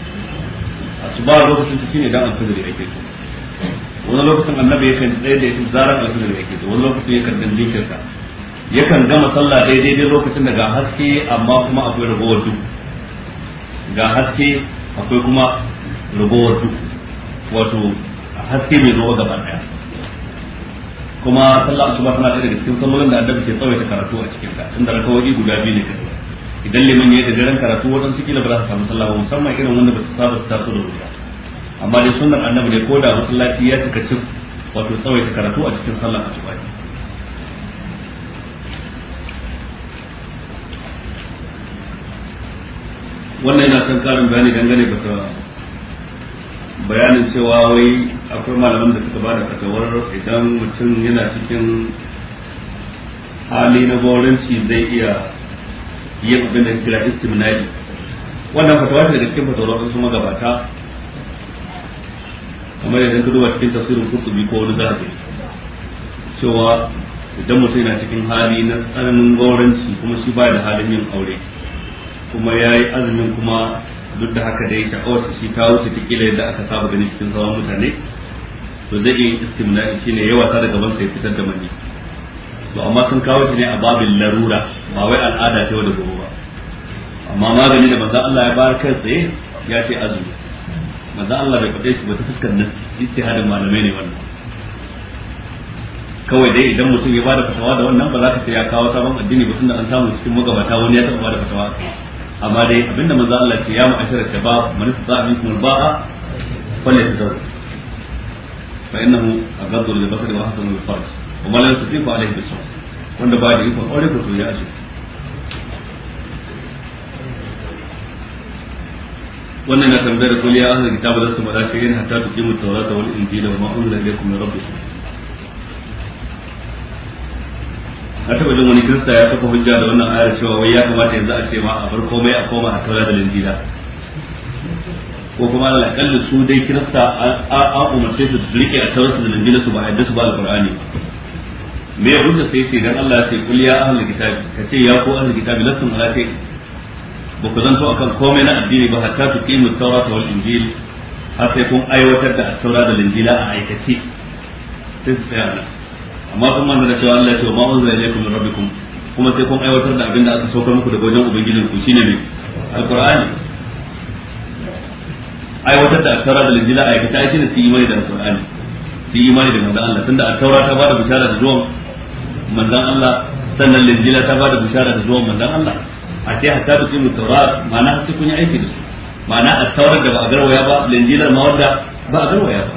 asuba lokacin take ne dan alfajiri ake so wani lokacin annabi yakan tsaye da yakan zaran alfajiri ake so wani lokacin ya kan dan Ya kan gama sallah daidai dai lokacin da ga haske amma kuma akwai ragowar duk ga haske akwai kuma ragowar duk wato haske ne zo gaba daya kuma sallah asuba tana ɗaya daga cikin sallolin da addabi ke tsawaita karatu a cikin ta tun da rakawoyi guda biyu ne kadai idan liman ya da daren karatu wajen cikin ba za su samu sallah ba musamman irin wanda ba su saba su taso da wuta amma dai sunan annabi ne ko da masallaci ya cika cin wato tsawaita karatu a cikin sallah asuba ne wannan yana son karin bayani dangane ba ta bayanin cewa wai akwai malaman da suka bada fatawar idan mutum yana cikin hali na gauranci zai iya yin abin da kira istimnadi wannan fatawar da cikin fatawar su gabata. kamar idan ka duba cikin tasirin biyu ko wani zahabi cewa idan mutum yana cikin hali na tsananin gauranci kuma shi baya da halin yin aure kuma ya yi azumin kuma duk da haka dai sha'awar shi ta wuce ta kila yadda aka saba gani cikin sauran mutane to zai iya istimna shi ne yawa ta daga bansa ya fitar da mani to amma sun kawo shi ne a babin larura ba wai al'ada ce wadda gobe ba amma magani da manzo Allah ya bar kai tsaye ya ce azumi manzo Allah bai faɗe shi ba ta fuskar nan ijtihadin malamai ne wannan kawai dai idan mutum ya bada fatawa da wannan ba za ka sai ya kawo sabon addini ba tunda an samu cikin magabata wani ya taɓa bada fatawa amma dai abinda manzo Allah ce ya ma'ashara shabab man istata minkum al-ba'a falyatazawwaj fa innahu aghaddu li basari wa ahsanu lil-farj wa ma la yastati'u alayhi bisu wanda ba da ikon aure ko to ya azu wannan na tambayar kulli ya ahlul kitab da su malaka yin hatta tuqimu tawrata wal injila wa ma unzila ilaykum rabbikum a taba jin wani kirista ya kafa hujja da wannan ayar cewa wai ya kamata yanzu a ce ma a bar komai a koma a taura da linjila ko kuma Allah kalli su dai kirista a umarce su su rike a taura da linjila su ba a yadda su ba alqur'ani me ya hujja sai ce dan Allah ya ce kul ya ahlul kitabi kace ya ko ahlul kitabi lakum ala ce ba ku zanto akan komai na addini ba hatta kimu tawrat wal injil har sai kun aiwatar da taura da linjila a aikace sai su tsaya nan amma sun manta da cewa Allah ya ce wa ma unzila ilaykum min rabbikum kuma sai kun aiwatar da abin da aka saukar muku da wajen ubangijin ku shine ne alkur'ani aiwatar da asara da lijila a aikata aikin su imani da alkur'ani su imani da manzon Allah tunda taura ta bada bishara da zuwan manzon Allah sannan linjila ta bada bishara da zuwan manzon Allah a ce hatta da mu taura ma'ana sai kun yi aiki da su ma'ana a asara da ba a garwaya ba lijilar ma wanda ba a garwaya ba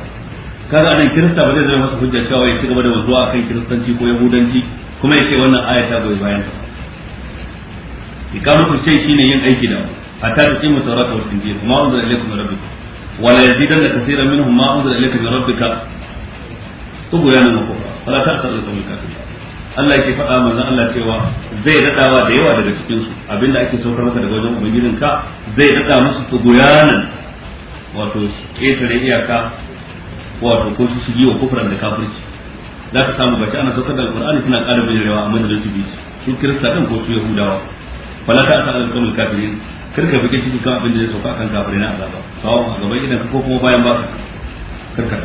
kaga anan kirista ba zai zama masa hujja cewa ya ci gaba da wanzuwa akan kiristanci ko yahudanci kuma ya ce wannan aya ta goyi bayan sa ku sai shine yin aiki da hatta da tsimu tawrata wa injil kuma unzila ilaykum min rabbikum wa la yazidanna kaseeran minhum ma unzila ilayka min rabbika tubyana wa kufra wala ta li qawmi kafin. Allah yake faɗa manzo Allah cewa zai dadawa da yawa daga cikin su abinda ake saukar maka daga wajen ubangijinka zai dada musu tuguyanan wato ketare iyaka wato ko su yi wa kufran da kafirci za ka samu gashi ana saukar da alkur'ani suna ƙara bijirewa amma da su bi su kirista ɗin ko su yahudawa fala ta ta mai kafirin karka fi kici kan abin da ya sauka kan kafirin na azaba sawa a gaban idan ko kuma bayan ba su karka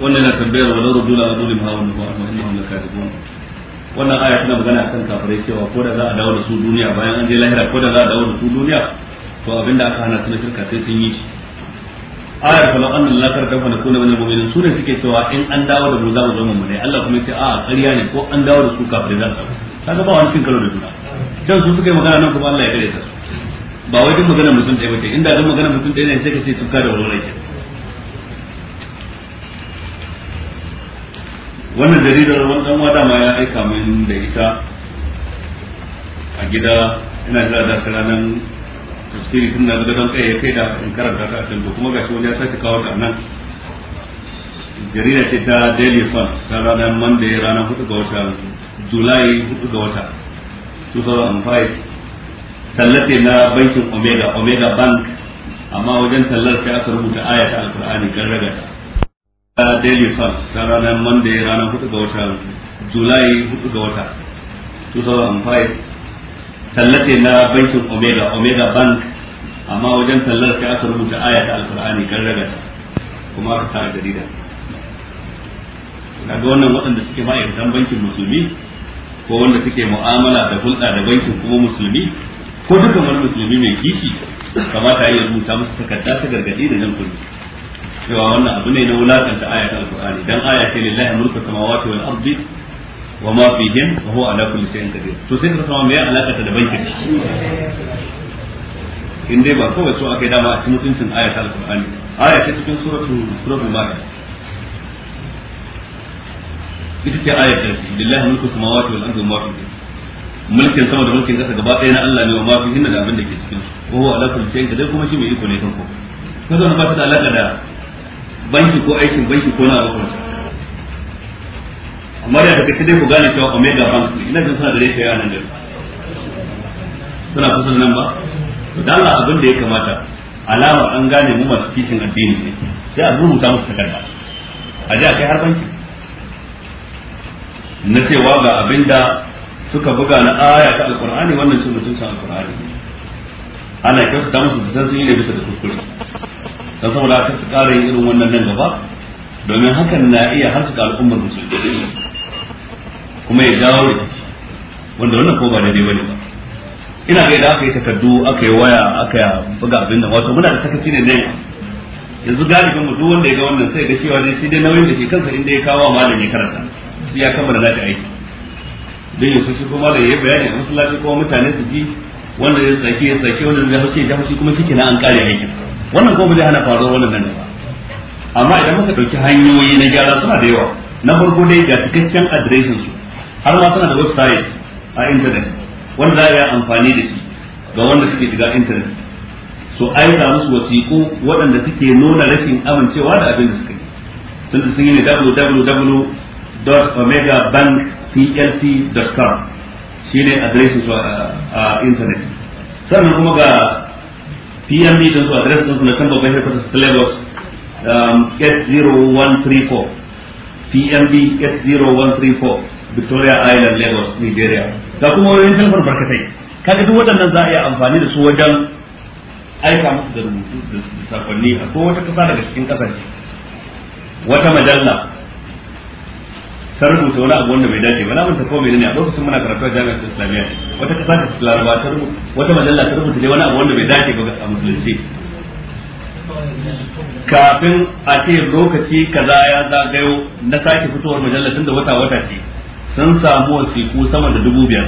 wannan na tambayar wa dole a rudula zulim hawan da ba'an wa innahum lakadibun wannan aya tana magana akan kafirai cewa ko da za a dawo da su duniya bayan an je lahira ko da za a dawo da su duniya to abinda aka hana su na shirka sai sun yi shi ayar fa law anna allaha karata fa kuna min almu'minin sune suke cewa in an dawo da mu za mu zama mu ne Allah kuma yace a ƙarya ne ko an dawo da su kafirai za su kaga ba wani cin karo da juna dan su suka yi magana nan kuma Allah ya gare su ba wai duk magana mutum ɗaya ce inda duk magana mutum ɗaya ne sai ka ce tuka da wurin wannan jaridar wani dan wada ma ya aika min da ita a gida ina jira da ta ranar tafsiri tun da don kai ya kai da in karanta ta a can to kuma gashi wani ya saki kawo ta nan jarida ce ta daily fund ta ranar monday ranar hudu ga wata July hudu ga wata 2005 tallace na bankin omega omega bank amma wajen tallar sai aka rubuta ayatul Qur'ani kan ragata a daily fast ta ranar monday ranar ga wata ga wata 2005 tallace na bankin omega omega bank amma wajen tallar sai aka rubuta aya ta alkur'ani kan raga kuma aka sa jarida daga wannan waɗanda suke ma'aikatan bankin musulmi ko wanda suke mu'amala da hulɗa da bankin kuma musulmi ko duka wani musulmi mai kishi kamata ya rubuta musu takarda ta gargaɗi da jan kuɗi cewa wannan abu ne na wulakanta aya al alqur'ani dan aya ce lillahi mulku samawati wal ardi wa ma fihim wa huwa ala kulli shay'in qadir to sai ka sama me alaka ta da bankin in dai ba kawai so akai dama a cikin mutuncin aya ta alqur'ani aya ta cikin suratu suratul maida ita ce aya ta lillahi mulku samawati wal ardi wa ma fihim mulkin sama da mulkin kasa gaba ɗaya na Allah ne wa ma fihim da abin da ke cikin su wa ala kulli shay'in qadir kuma shi mai iko ne kan ko kada ba ta alaka da banki ko aikin banki ko na abokan amma da take dai ku gane cewa omega bank ne ina jin suna da rake nan da suna kusan nan ba to da Allah abin da ya kamata alama an gane mu masu kishin addini ne sai a rubuta musu takarda a ji a kai har banki na cewa ga abin da suka buga na aya ta alkur'ani wannan sun mutum san alkur'ani ana kyautata musu da san sun yi ne bisa da kuskure don saboda haka su ƙara yin irin wannan nan gaba domin hakan na iya haskaka al'ummar musulmi kuma ya dawo da wanda wannan ko ba daidai bane ba ina ga idan aka yi takardu aka yi waya aka buga abin nan wato muna da sakaci ne dai yanzu galibin mu duk wanda ya ga wannan sai ga cewa dai shi dai nauyin da shi kansa inda ya kawo malami karanta shi ya kammala da aiki dan yanzu shi kuma da yayi bayani a masallaci ko mutane su ji wanda ya tsaki ya tsaki wanda ya haushi ya haushi kuma shi kenan an kare aikin wannan ko ba zai hana faruwar wannan nan ba amma idan muka dauki hanyoyi na gyara suna da yawa na farko dai ga cikakken adireshin su har ma suna da website a internet wanda za a yi amfani da shi ga wanda suke shiga internet so ga musu wasiƙu waɗanda suke nuna rashin amincewa da abin da suka yi sun sun yi ne www.omegabankplc.com shi ne adireshin su a internet sannan kuma ga PM din adres address din su na kan babban headquarters ta S0134 PMB S0134 Victoria Island Lagos Nigeria da kuma wayoyin telefon barkatai kaga duk waɗannan za a iya amfani da su wajen aika musu da rubutu da sakonni a ko wata kasa daga cikin kasashe wata majalla ta rubuta wani abu wanda bai dace ba na manta tafi bai ne a lokacin muna karatu a jami'ar islamiyya wata kasa ta laraba ta rubuta wata majalla ta rubuta ne wani abu wanda bai dace ba a musulunci kafin a ce lokaci kaza ya zagayo na sake fitowar majalla tun da wata wata ce sun samu wasiku sama da dubu biyar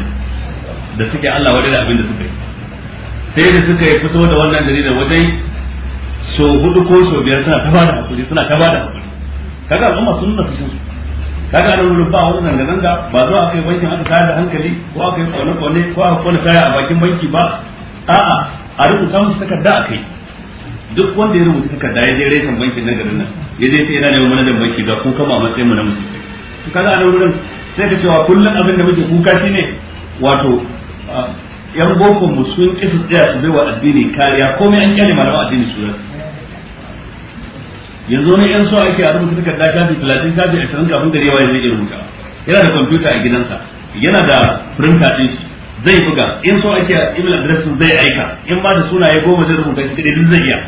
da suke Allah wadai da abin da suka yi sai da suka yi fito da wannan jaridar wajen so hudu ko so biyar suna ta bada hakuri suna ta bada hakuri kaga al'umma sun nasu fushin su kaga an rubuta ba wani zanga zanga ba zuwa kai bankin aka tayar da hankali ko aka yi kone kone ko aka kone kaya a bakin banki ba a'a a rubuta musu takarda a kai duk wanda ya rubuta takarda ya je reshen bankin nan garin nan ya je sai yana neman manajan banki ga kuka ba matsayin mu na musu kaga an rubuta sai ka cewa kullum abin da muke kuka shine wato yan boko mu sun kisa tsaya su bai wa addini kariya komai an kyale malaman addini su rasa yanzu wani yan so ake a rubuta takarda shafi talatin shafi ashirin kafin gare waye zai iya rubuta yana da kwamfuta a gidansa yana da printa ɗin shi zai buga in so ake email address zai aika in ba da sunaye goma zai rubuta shi kadai duk zai iya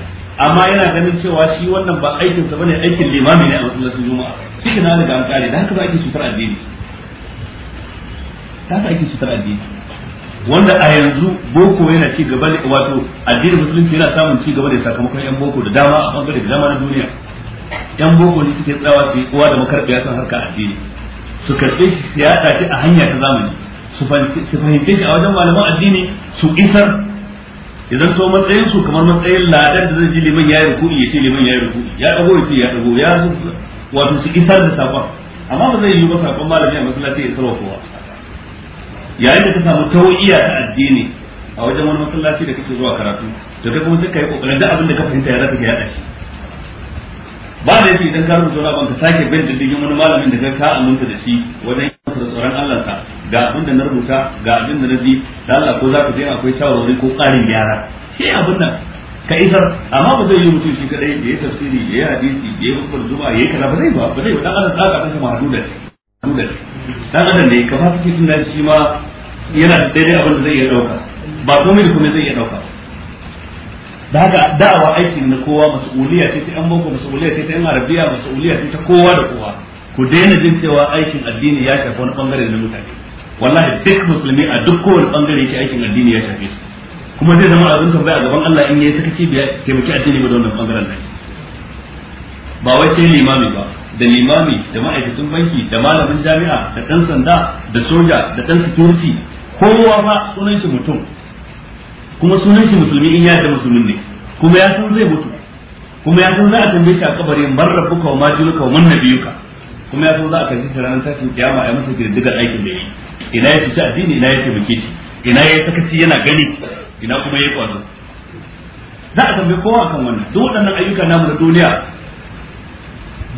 amma yana ganin cewa shi wannan ba aikin sa bane aikin limami ne a masallacin juma'a shi na daga an kare da haka ba ake cutar addini ta haka ake cutar addini wanda a yanzu boko yana ci gaba da wato addinin musulunci yana samun ci gaba da sakamakon yan boko da dama a bangare da dama na duniya yan boko ne suke tsawa su yi kowa da makarbiya sun harka addini su karɓe shi siyasa shi a hanya ta zamani su fahimce shi a wajen malaman addini su isar idan so matsayin su kamar matsayin ladan da zai ji liman ya yi rukuni ya ce liman ya yi rukuni ya dago ya ce ya dago ya wato su isar da sakon amma ba zai yi ba sakon malami a masallaci ya isarwa kowa yayin da ka samu tawiya ta addini a wajen wani masallaci da kake zuwa karatu da kuma sai kai kokarin da abin da ka fahimta ya zata ka ya shi ba da yake idan ka rubuta wani abin ka sake bin diddigin wani malamin da ka ka aminta da shi wajen yin tsoron Allah ka ga abin da na rubuta ga abin da na ji da Allah ko za ka je akwai shawarwari ko ƙarin gyara shi abin nan ka isar amma ba zai yi mutum shi kadai ya tafsiri da ya yi hadisi ya yi hukumar zuba ya yi kaza ba zai ba ba zai ba dan adam ka kashe mahadu da shi dan adam ne kamar cikin nan shi ma yana daidai abin da zai iya dauka ba komai da komai zai iya dauka da haka da'awa aiki na kowa masu'uliya ce ta yan boko masu'uliya ce ta yan arabiya masu'uliya ce ta kowa da kowa ku daina jin cewa aikin addini ya shafi wani bangare na mutane wallahi duk musulmi a duk kowane bangare yake aikin addini ya shafe su kuma zai zama abin tambaya gaban Allah in yayi sakaci biya taimaki addini ba da wannan bangaren nan ba wai sai limami ba da limami da ma'aikatan banki da malamin jami'a da dan sanda da soja da dan security kowa ba sunan shi mutum kuma sunan shi musulmi in ya yarda musulmin ne kuma ya san zai mutu kuma ya san za a tambaye shi a kabari man rabbuka wa majiluka wa man nabiyuka kuma ya san za a karshe shi ranar tashin kiyama a masa girdigar aikin da yi ina ya ci addini ina ya taimake shi ina ya sakaci yana gani ina kuma ya kwazo za a tambaye kowa akan wannan duk waɗannan ayyuka namu na duniya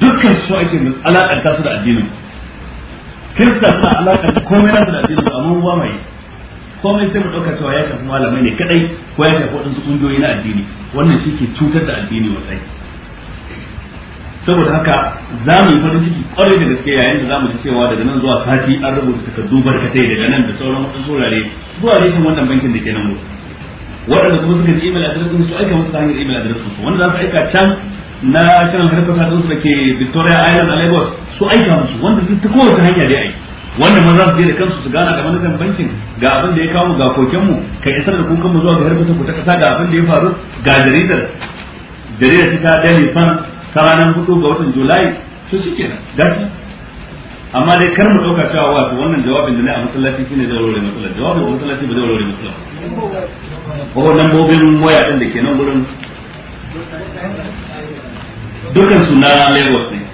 dukkan su ake alaƙanta su da addinin kirista suna alaƙanta komai nasu da addinin amma ruwa mai komai sai mu dauka cewa ya shafi malamai ne kadai ko ya shafi wadansu kungiyoyi na addini wannan shi ke cutar da addini wasai saboda haka za mu yi farin ciki kwarai da gaske yayin da za mu ji cewa daga nan zuwa sati an rubuta takardu barkatai daga nan da sauran wasu wurare zuwa rikin wannan bankin da ke nan mu waɗanda kuma suka ji email address su aika musu hanyar a address su wanda za su aika can na shirin harkar sadin su da ke Victoria Island a Lagos su aika musu wanda duk ta kowace hanya dai aiki wannan maza za su je da kansu su gana da manajan bankin ga abin da ya kawo ga kokenmu ka isar da kukan mu zuwa ga harkar ku ta kasa ga abin da ya faru ga jaridar jaridar ta Daily fan ta ranar hudu ga watan Julai to shike nan amma dai kar mu dauka cewa wato wannan jawabin da na a masallaci shine da warware matsalar jawabin a masallaci ba da warware matsalar ko lambobin waya din da ke nan gurin dukan su na Lagos ne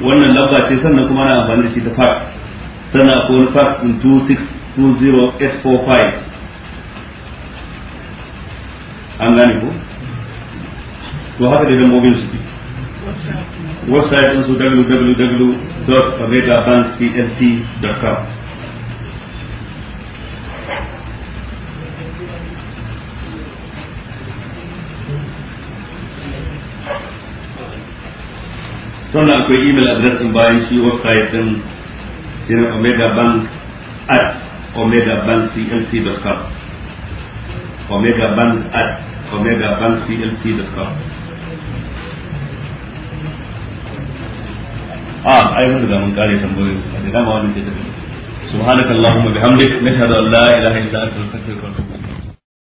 wannan lamba ce sannan kuma na amfani da shi ta fax sannan akwai wani fax din 2620845 an gane ko to haka da lambobin su ke website din su www.regabanksplc.com sannan akwai email address in bayan shi website din shine omega bank at omega bank clc.com omega bank at omega bank a ah, ai da mun kare tambayoyi da dama wannan ke tafi subhanakallahumma bihamdik nashhadu an la ilaha illa anta astaghfiruka wa atubu